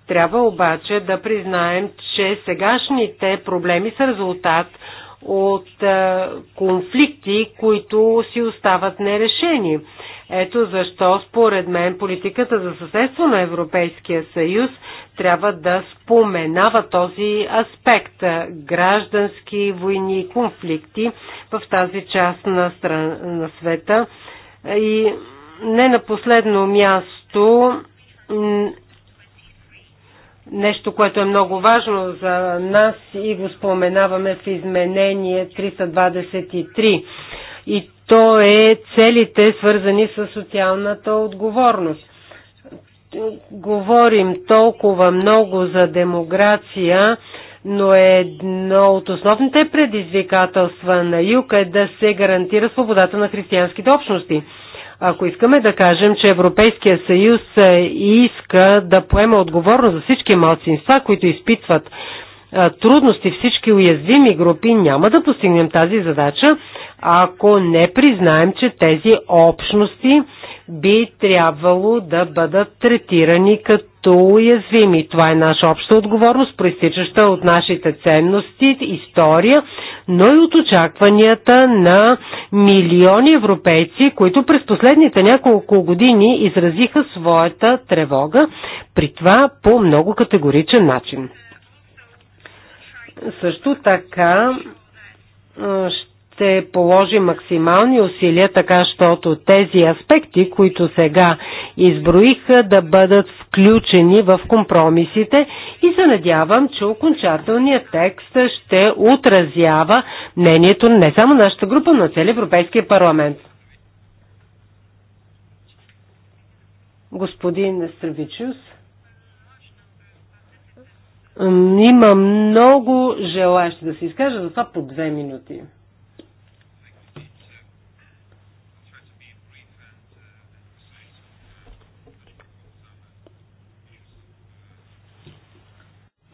Трябва обаче да признаем, че сегашните проблеми са резултат от конфликти, които си остават нерешени. Ето защо, според мен, политиката за съседство на Европейския съюз трябва да споменава този аспект граждански войни и конфликти в тази част на, стран, на света. И не на последно място нещо, което е много важно за нас и го споменаваме в изменение 323. И то е целите свързани с социалната отговорност. Говорим толкова много за демокрация, но е едно от основните предизвикателства на юг е да се гарантира свободата на християнските общности. Ако искаме да кажем, че Европейския съюз иска да поема отговорност за всички младсинства, които изпитват трудности всички уязвими групи, няма да постигнем тази задача, ако не признаем, че тези общности би трябвало да бъдат третирани като уязвими. Това е наша обща отговорност, проистичаща от нашите ценности, история, но и от очакванията на милиони европейци, които през последните няколко години изразиха своята тревога, при това по много категоричен начин. Също така ще положи максимални усилия, така щото тези аспекти, които сега изброих, да бъдат включени в компромисите и се надявам, че окончателният текст ще отразява мнението не само на нашата група, но цели Европейския парламент. Господин Стравичус, Има много желаящи да се изкажа, за това по две минути.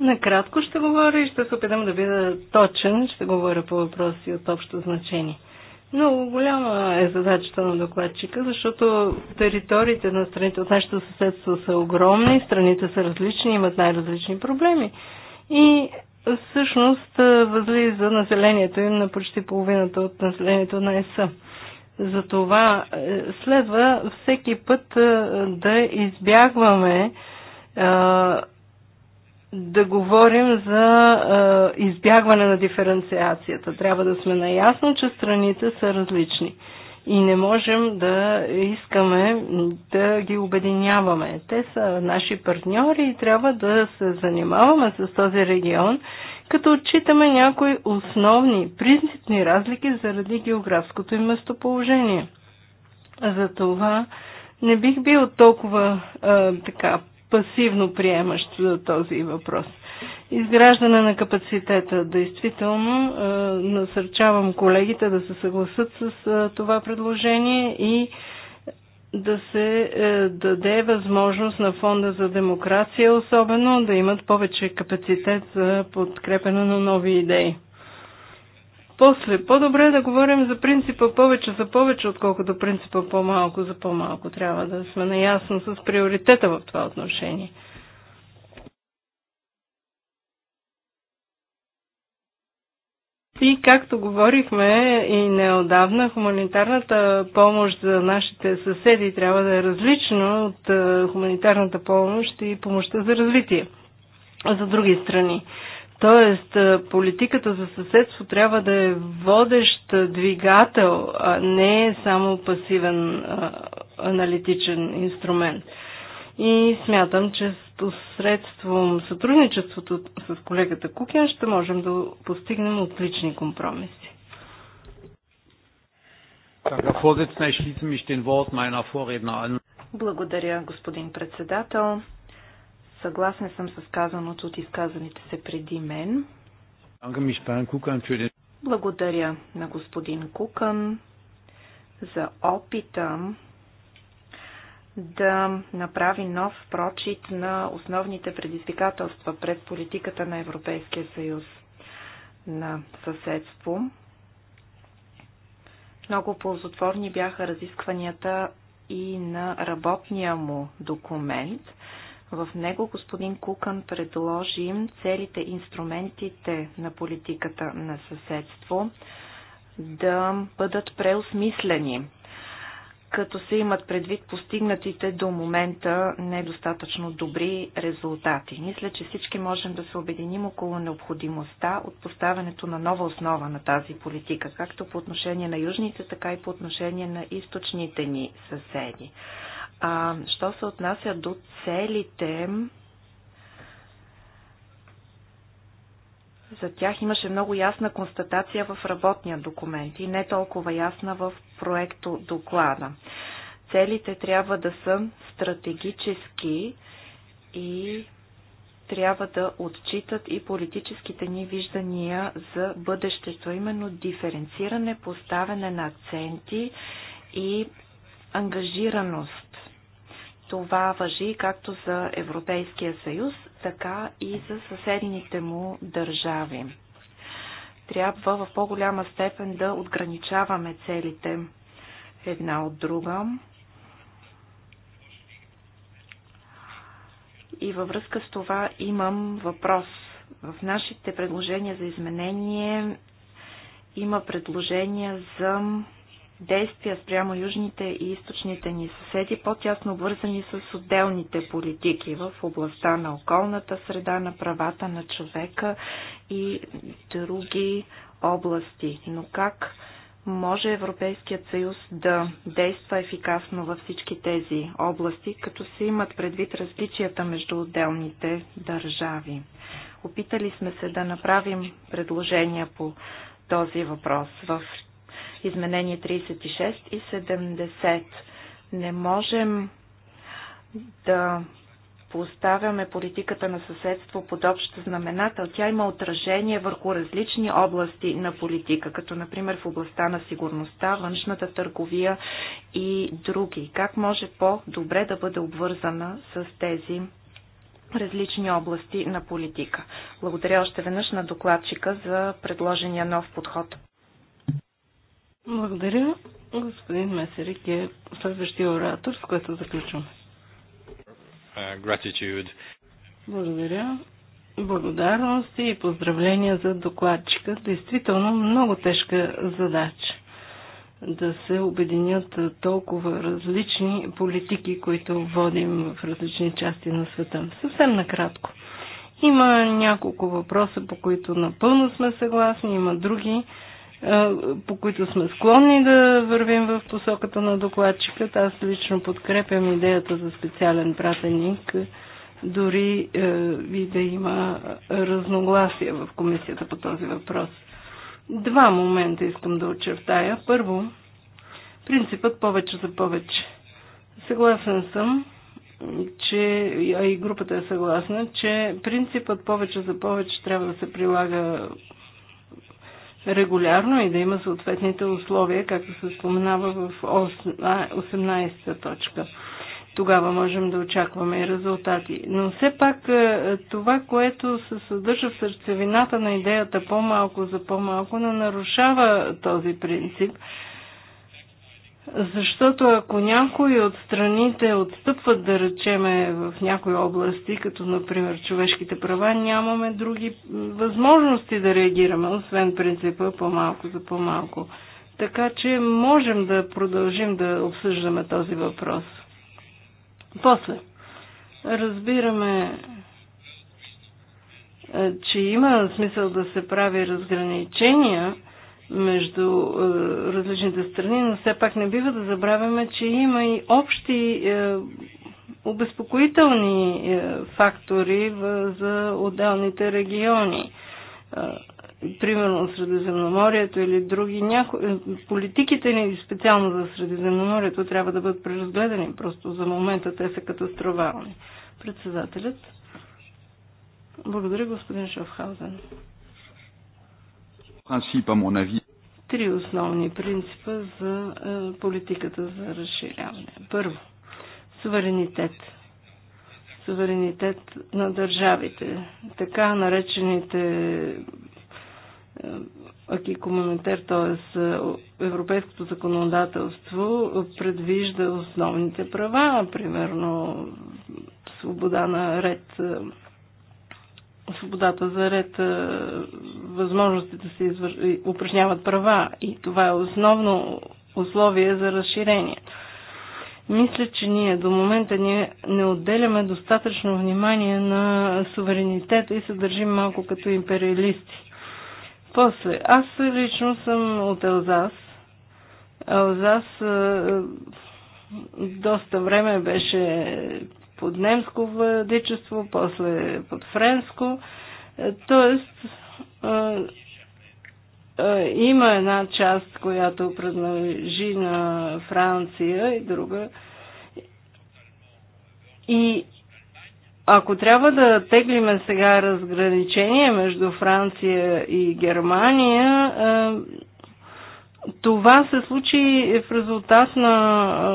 Накратко ще говоря и ще се опитам да бъда точен. Ще говоря по въпроси от общо значение. Много голяма е задачата на докладчика, защото териториите на страните от нашето съседство са огромни, страните са различни, имат най-различни проблеми. И всъщност възлиза населението им на почти половината от населението на ЕСА. Затова е, следва всеки път да избягваме да говорим за а, избягване на диференциацията. Трябва да сме наясно, че страните са различни и не можем да искаме да ги обединяваме. Те са наши партньори и трябва да се занимаваме с този регион, като отчитаме някои основни принципни разлики заради географското им местоположение. Затова не бих бил толкова а, така пасивно приемащ е, този въпрос. Изграждане на капацитета. Действително е, насърчавам колегите да се съгласат с е, това предложение и да се даде възможност на Фонда за демокрация, особено да имат повече капацитет за подкрепене на нови идеи. После, по-добре е да говорим за принципа повече за повече, отколкото принципа по-малко за по-малко. Трябва да сме наясно с приоритета в това отношение. И както говорихме и неодавна, хуманитарната помощ за нашите съседи трябва да е различна от е, хуманитарната помощ и помощта за развитие за други страни. Тоест, политиката за съседство трябва да е водещ двигател, а не е само пасивен аналитичен инструмент. И смятам, че посредством сътрудничеството с колегата Кукин ще можем да постигнем отлични компромиси. Благодаря, господин председател. Съгласен съм с казаното от изказаните се преди мен. Благодаря на господин Кукан за опита да направи нов прочит на основните предизвикателства пред политиката на Европейския съюз на съседство. Много ползотворни бяха разискванията и на работния му документ. В него господин Кукан предложи целите, инструментите на политиката на съседство да бъдат преосмислени, като се имат предвид постигнатите до момента недостатъчно добри резултати. Мисля, че всички можем да се обединим около необходимостта от поставянето на нова основа на тази политика, както по отношение на южните, така и по отношение на източните ни съседи. А, що се отнася до целите, за тях имаше много ясна констатация в работния документ и не толкова ясна в проекто доклада. Целите трябва да са стратегически и трябва да отчитат и политическите ни виждания за бъдещето, именно диференциране, поставяне на акценти и ангажираност това въжи както за Европейския съюз, така и за съседните му държави. Трябва в по-голяма степен да отграничаваме целите една от друга. И във връзка с това имам въпрос. В нашите предложения за изменение има предложения за действия спрямо южните и източните ни съседи, по-тясно обвързани с отделните политики в областта на околната среда, на правата на човека и други области. Но как може Европейският съюз да действа ефикасно във всички тези области, като се имат предвид различията между отделните държави? Опитали сме се да направим предложения по този въпрос. В изменение 36 и 70. Не можем да поставяме политиката на съседство под общ знаменател. Тя има отражение върху различни области на политика, като например в областта на сигурността, външната търговия и други. Как може по-добре да бъде обвързана с тези различни области на политика. Благодаря още веднъж на докладчика за предложения нов подход. Благодаря. Господин Месерик е следващия оратор, с което заключваме. Gratitude. Благодаря. Благодарности и поздравления за докладчика. Действително много тежка задача да се обединят толкова различни политики, които водим в различни части на света. Съвсем накратко. Има няколко въпроса, по които напълно сме съгласни, има други, по които сме склонни да вървим в посоката на докладчика. Аз лично подкрепям идеята за специален пратеник, дори е, и да има разногласия в комисията по този въпрос. Два момента искам да очертая. Първо, принципът повече за повече. Съгласен съм, че, а и групата е съгласна, че принципът повече за повече трябва да се прилага регулярно и да има съответните условия, както се споменава в 18 та точка. Тогава можем да очакваме и резултати. Но все пак е, това, което се съдържа в сърцевината на идеята по-малко за по-малко, не нарушава този принцип, защото ако някои от страните отстъпват, да речеме, в някои области, като например човешките права, нямаме други възможности да реагираме, освен принципа по-малко за по-малко. Така че можем да продължим да обсъждаме този въпрос. После, разбираме, е, че има смисъл да се прави разграничения, между е, различните страни, но все пак не бива да забравяме, че има и общи е, обезпокоителни е, фактори в, за отделните региони. Е, примерно Средиземноморието или други. Няко... Е, политиките ни специално за Средиземноморието трябва да бъдат преразгледани. Просто за момента те са катастрофални. Председателят. Благодаря, господин Шофхаузен. Три основни принципа за е, политиката за разширяване. Първо, суверенитет. Суверенитет на държавите. Така наречените е, Аки коментар, т.е. европейското законодателство предвижда основните права, примерно свобода на ред е, свободата за ред, възможностите да се извърж... упражняват права и това е основно условие за разширение. Мисля, че ние до момента ние не отделяме достатъчно внимание на суверенитета и се държим малко като империалисти. После, аз лично съм от Елзас. Елзас доста време беше под немско владичество, после под френско. Е, тоест, е, е, има една част, която принадлежи на Франция и друга. И ако трябва да теглиме сега разграничение между Франция и Германия, това се случи в резултат на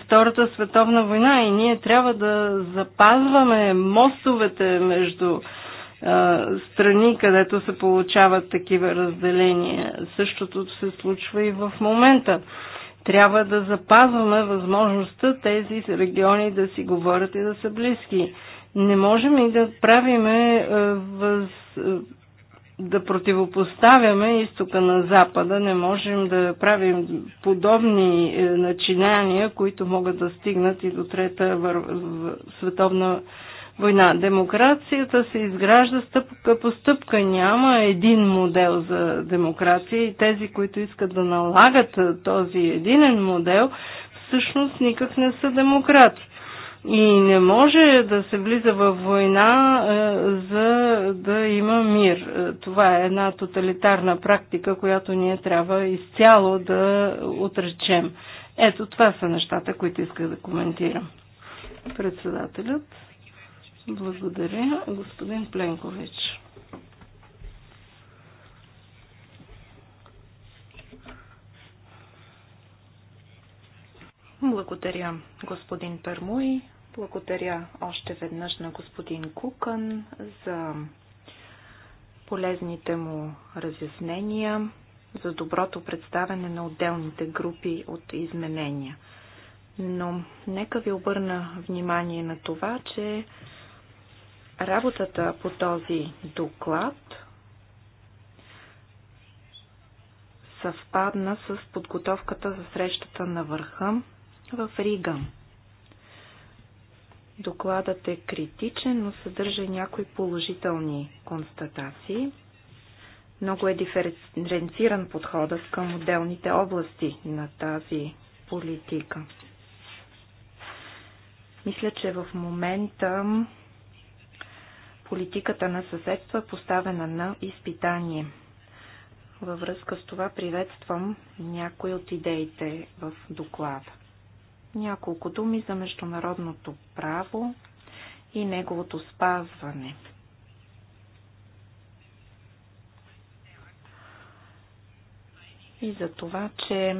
Втората световна война и ние трябва да запазваме мостовете между страни, където се получават такива разделения. Същото се случва и в момента. Трябва да запазваме възможността тези региони да си говорят и да са близки. Не можем и да правиме въз да противопоставяме изтока на Запада, не можем да правим подобни е, начинания, които могат да стигнат и до Трета вър... световна война. Демокрацията се изгражда стъпка по стъпка. Няма един модел за демокрация и тези, които искат да налагат е, този единен модел, всъщност никак не са демократи. И не може да се влиза във война, е, за да има мир. Е, това е една тоталитарна практика, която ние трябва изцяло да отречем. Ето, това са нещата, които исках да коментирам. Председателят. Благодаря. Господин Пленкович. Благодаря, господин Търмуй. Благодаря още веднъж на господин Кукън за полезните му разяснения, за доброто представяне на отделните групи от изменения. Но нека ви обърна внимание на това, че работата по този доклад съвпадна с подготовката за срещата на върха в Рига. Докладът е критичен, но съдържа някои положителни констатации. Много е диференциран подходът към отделните области на тази политика. Мисля, че в момента политиката на съседство е поставена на изпитание. Във връзка с това приветствам някои от идеите в доклада. Няколко думи за международното право и неговото спазване. И за това, че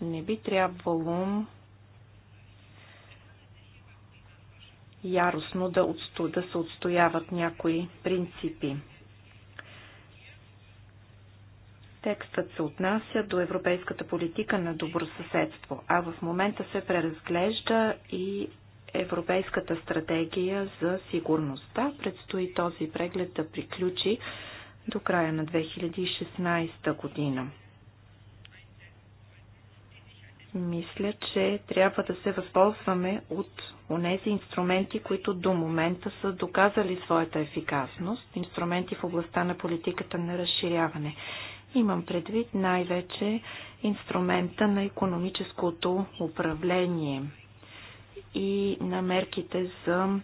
не би трябвало яростно да, отсто... да се отстояват някои принципи. Текстът се отнася до европейската политика на добросъседство, а в момента се преразглежда и Европейската стратегия за сигурността. Предстои този преглед да приключи до края на 2016 година. Мисля, че трябва да се възползваме от онези инструменти, които до момента са доказали своята ефикасност, инструменти в областта на политиката на разширяване. Имам предвид най-вече инструмента на економическото управление и на мерките за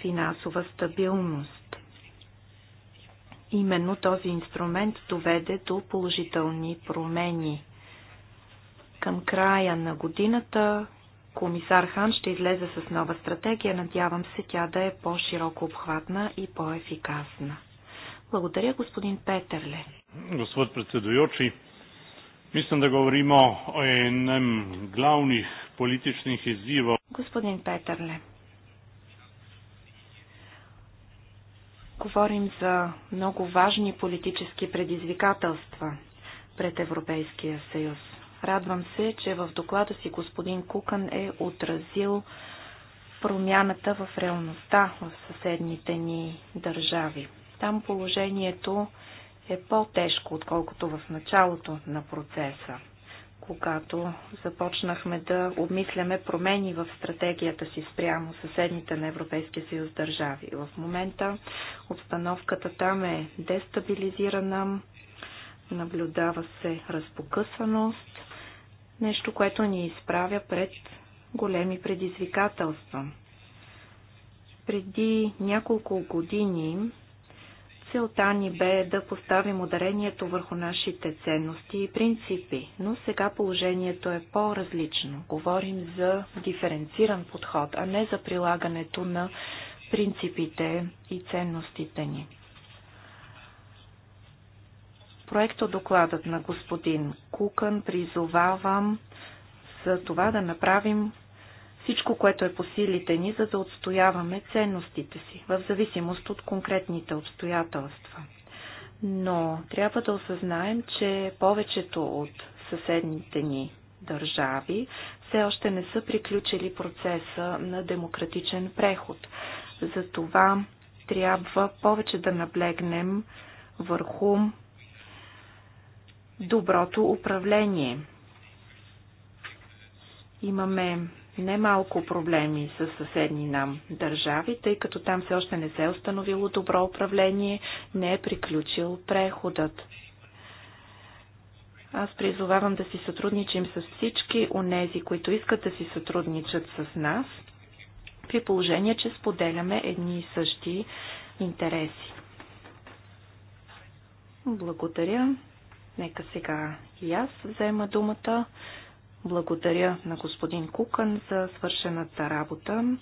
финансова стабилност. Именно този инструмент доведе до положителни промени. Към края на годината комисар Хан ще излезе с нова стратегия. Надявам се тя да е по-широко обхватна и по-ефикасна. Благодаря, господин Петърле gospod predsedujoči. Mislim, da govorimo o enem glavnih političnih izzivov. Gospodin Peterle. Говорим за много важни политически предизвикателства пред Европейския съюз. Радвам се, че в доклада си господин Кукан е отразил промяната в реалността в съседните ни държави. Там положението е по-тежко, отколкото в началото на процеса, когато започнахме да обмисляме промени в стратегията си спрямо съседните на Европейския съюз държави. В момента обстановката там е дестабилизирана, наблюдава се разпокъсаност, нещо, което ни изправя пред големи предизвикателства. Преди няколко години Целта ни бе да поставим ударението върху нашите ценности и принципи, но сега положението е по-различно. Говорим за диференциран подход, а не за прилагането на принципите и ценностите ни. Проекто докладът на господин Кукън призовавам за това да направим всичко, което е по силите ни, за да отстояваме ценностите си, в зависимост от конкретните обстоятелства. Но трябва да осъзнаем, че повечето от съседните ни държави все още не са приключили процеса на демократичен преход. Затова трябва повече да наблегнем върху доброто управление. Имаме немалко проблеми с съседни нам държави, тъй като там все още не се е установило добро управление, не е приключил преходът. Аз призовавам да си сътрудничим с всички онези, които искат да си сътрудничат с нас, при положение, че споделяме едни и същи интереси. Благодаря. Нека сега и аз взема думата. Благодаря на господин Кукан за свършената работа.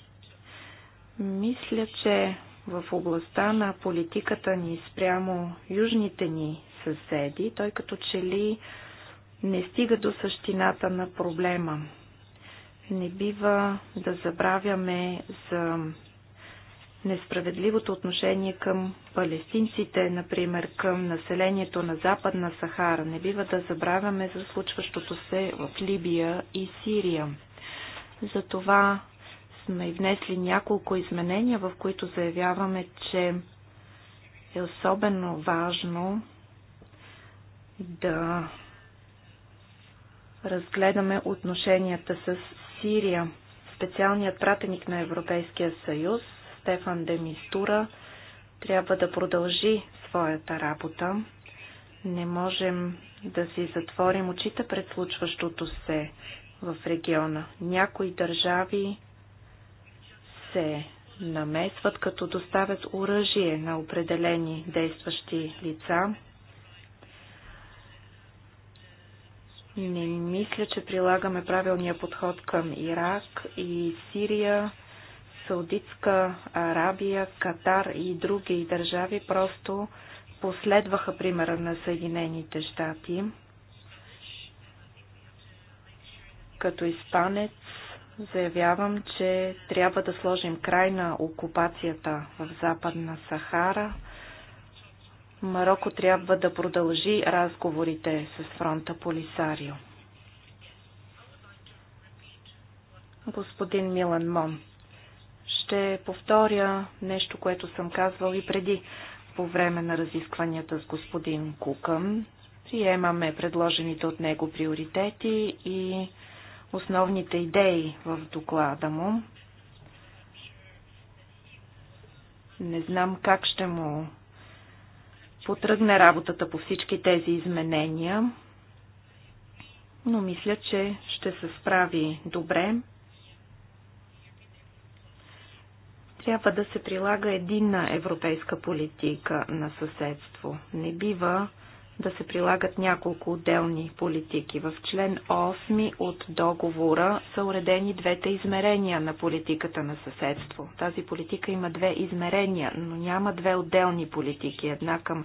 Мисля, че в областта на политиката ни спрямо южните ни съседи, той като че ли не стига до същината на проблема. Не бива да забравяме за несправедливото отношение към палестинците, например към населението на Западна Сахара. Не бива да забравяме за случващото се в Либия и Сирия. Затова сме и внесли няколко изменения, в които заявяваме, че е особено важно да разгледаме отношенията с Сирия. Специалният пратеник на Европейския съюз Стефан Демистура трябва да продължи своята работа. Не можем да си затворим очите пред случващото се в региона. Някои държави се намесват, като доставят оръжие на определени действащи лица. Не мисля, че прилагаме правилния подход към Ирак и Сирия. Саудитска Арабия, Катар и други държави просто последваха примера на Съединените щати. Като испанец заявявам, че трябва да сложим край на окупацията в Западна Сахара. Марокко трябва да продължи разговорите с фронта Полисарио. Господин Милан Монт, ще повторя нещо, което съм казвал и преди по време на разискванията с господин Кукъм. Приемаме предложените от него приоритети и основните идеи в доклада му. Не знам как ще му потръгне работата по всички тези изменения, но мисля, че ще се справи добре. Трябва да се прилага единна европейска политика на съседство. Не бива да се прилагат няколко отделни политики. В член 8 от договора са уредени двете измерения на политиката на съседство. Тази политика има две измерения, но няма две отделни политики. Една към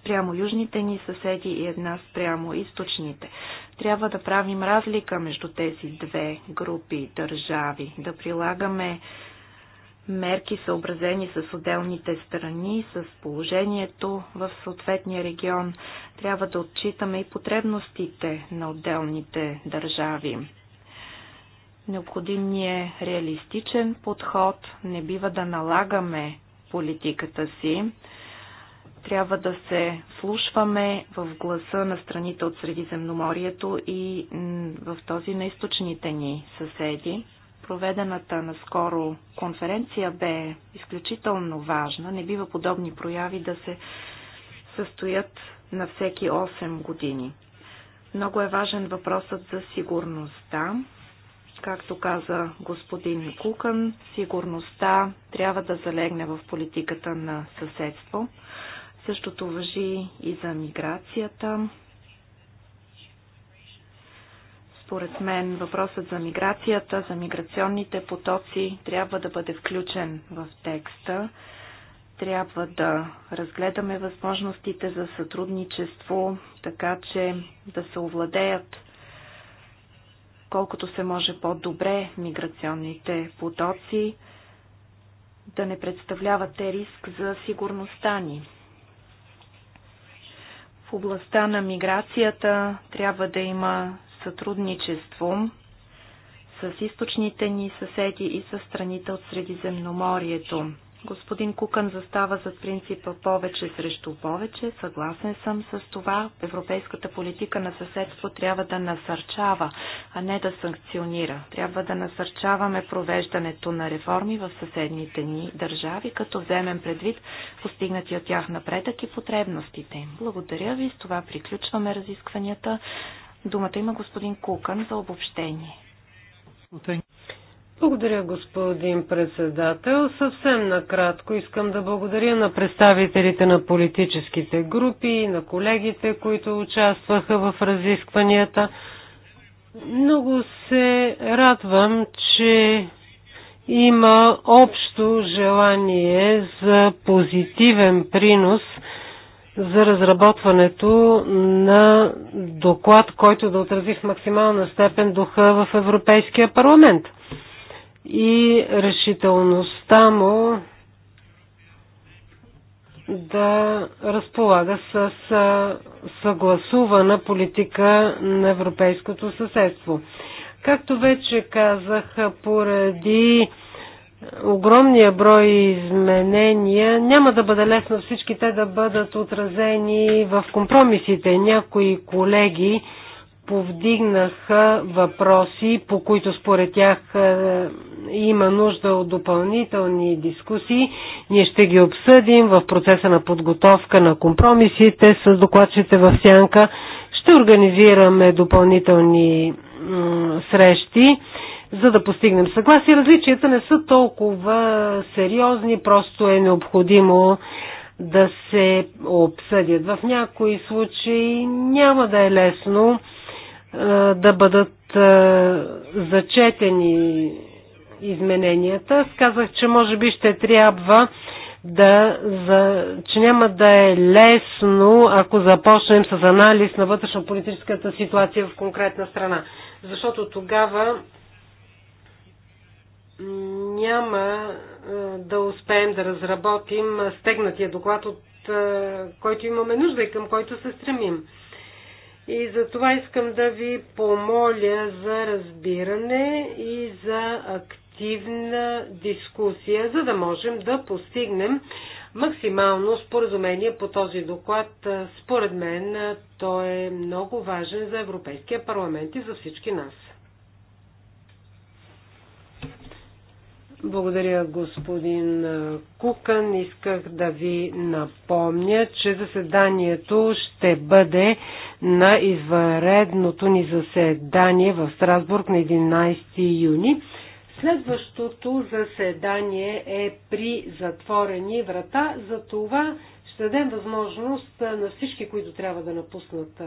спрямо южните ни съседи и една спрямо източните. Трябва да правим разлика между тези две групи държави, да прилагаме мерки съобразени с отделните страни, с положението в съответния регион. Трябва да отчитаме и потребностите на отделните държави. Необходим ни е реалистичен подход, не бива да налагаме политиката си. Трябва да се слушваме в гласа на страните от Средиземноморието и в този на източните ни съседи. Проведената наскоро конференция бе изключително важна. Не бива подобни прояви да се състоят на всеки 8 години. Много е важен въпросът за сигурността. Както каза господин Кукън, сигурността трябва да залегне в политиката на съседство. Същото въжи и за миграцията, според мен въпросът за миграцията, за миграционните потоци трябва да бъде включен в текста. Трябва да разгледаме възможностите за сътрудничество, така че да се овладеят колкото се може по-добре миграционните потоци, да не представляват те риск за сигурността ни. В областта на миграцията трябва да има сътрудничество с източните ни съседи и с страните от Средиземноморието. Господин Кукан застава зад принципа повече срещу повече. Съгласен съм с това. Европейската политика на съседство трябва да насърчава, а не да санкционира. Трябва да насърчаваме провеждането на реформи в съседните ни държави, като вземем предвид постигнати от тях напредък и потребностите им. Благодаря ви. С това приключваме разискванията. Думата има господин Кукан за обобщение. Благодаря, господин председател. Съвсем накратко искам да благодаря на представителите на политическите групи, на колегите, които участваха в разискванията. Много се радвам, че има общо желание за позитивен принос – за разработването на доклад, който да отрази в максимална степен духа в Европейския парламент и решителността му да разполага с съгласувана политика на европейското съседство. Както вече казах, поради огромния брой изменения, няма да бъде лесно всички те да бъдат отразени в компромисите. Някои колеги повдигнаха въпроси, по които според тях е, има нужда от допълнителни дискусии. Ние ще ги обсъдим в процеса на подготовка на компромисите с докладчите в Сянка. Ще организираме допълнителни срещи за да постигнем съгласие. Различията не са толкова сериозни, просто е необходимо да се обсъдят. В някои случаи няма да е лесно да бъдат зачетени измененията. Аз казах, че може би ще трябва да, за, че няма да е лесно, ако започнем с анализ на вътрешно-политическата ситуация в конкретна страна. Защото тогава няма да успеем да разработим стегнатия доклад, от който имаме нужда и към който се стремим. И за това искам да ви помоля за разбиране и за активна дискусия, за да можем да постигнем максимално споразумение по този доклад. Според мен той е много важен за Европейския парламент и за всички нас. Благодаря, господин Кукан. Исках да ви напомня, че заседанието ще бъде на извънредното ни заседание в Страсбург на 11 юни. Следващото заседание е при затворени врата. За това ще дадем възможност на всички, които трябва да напуснат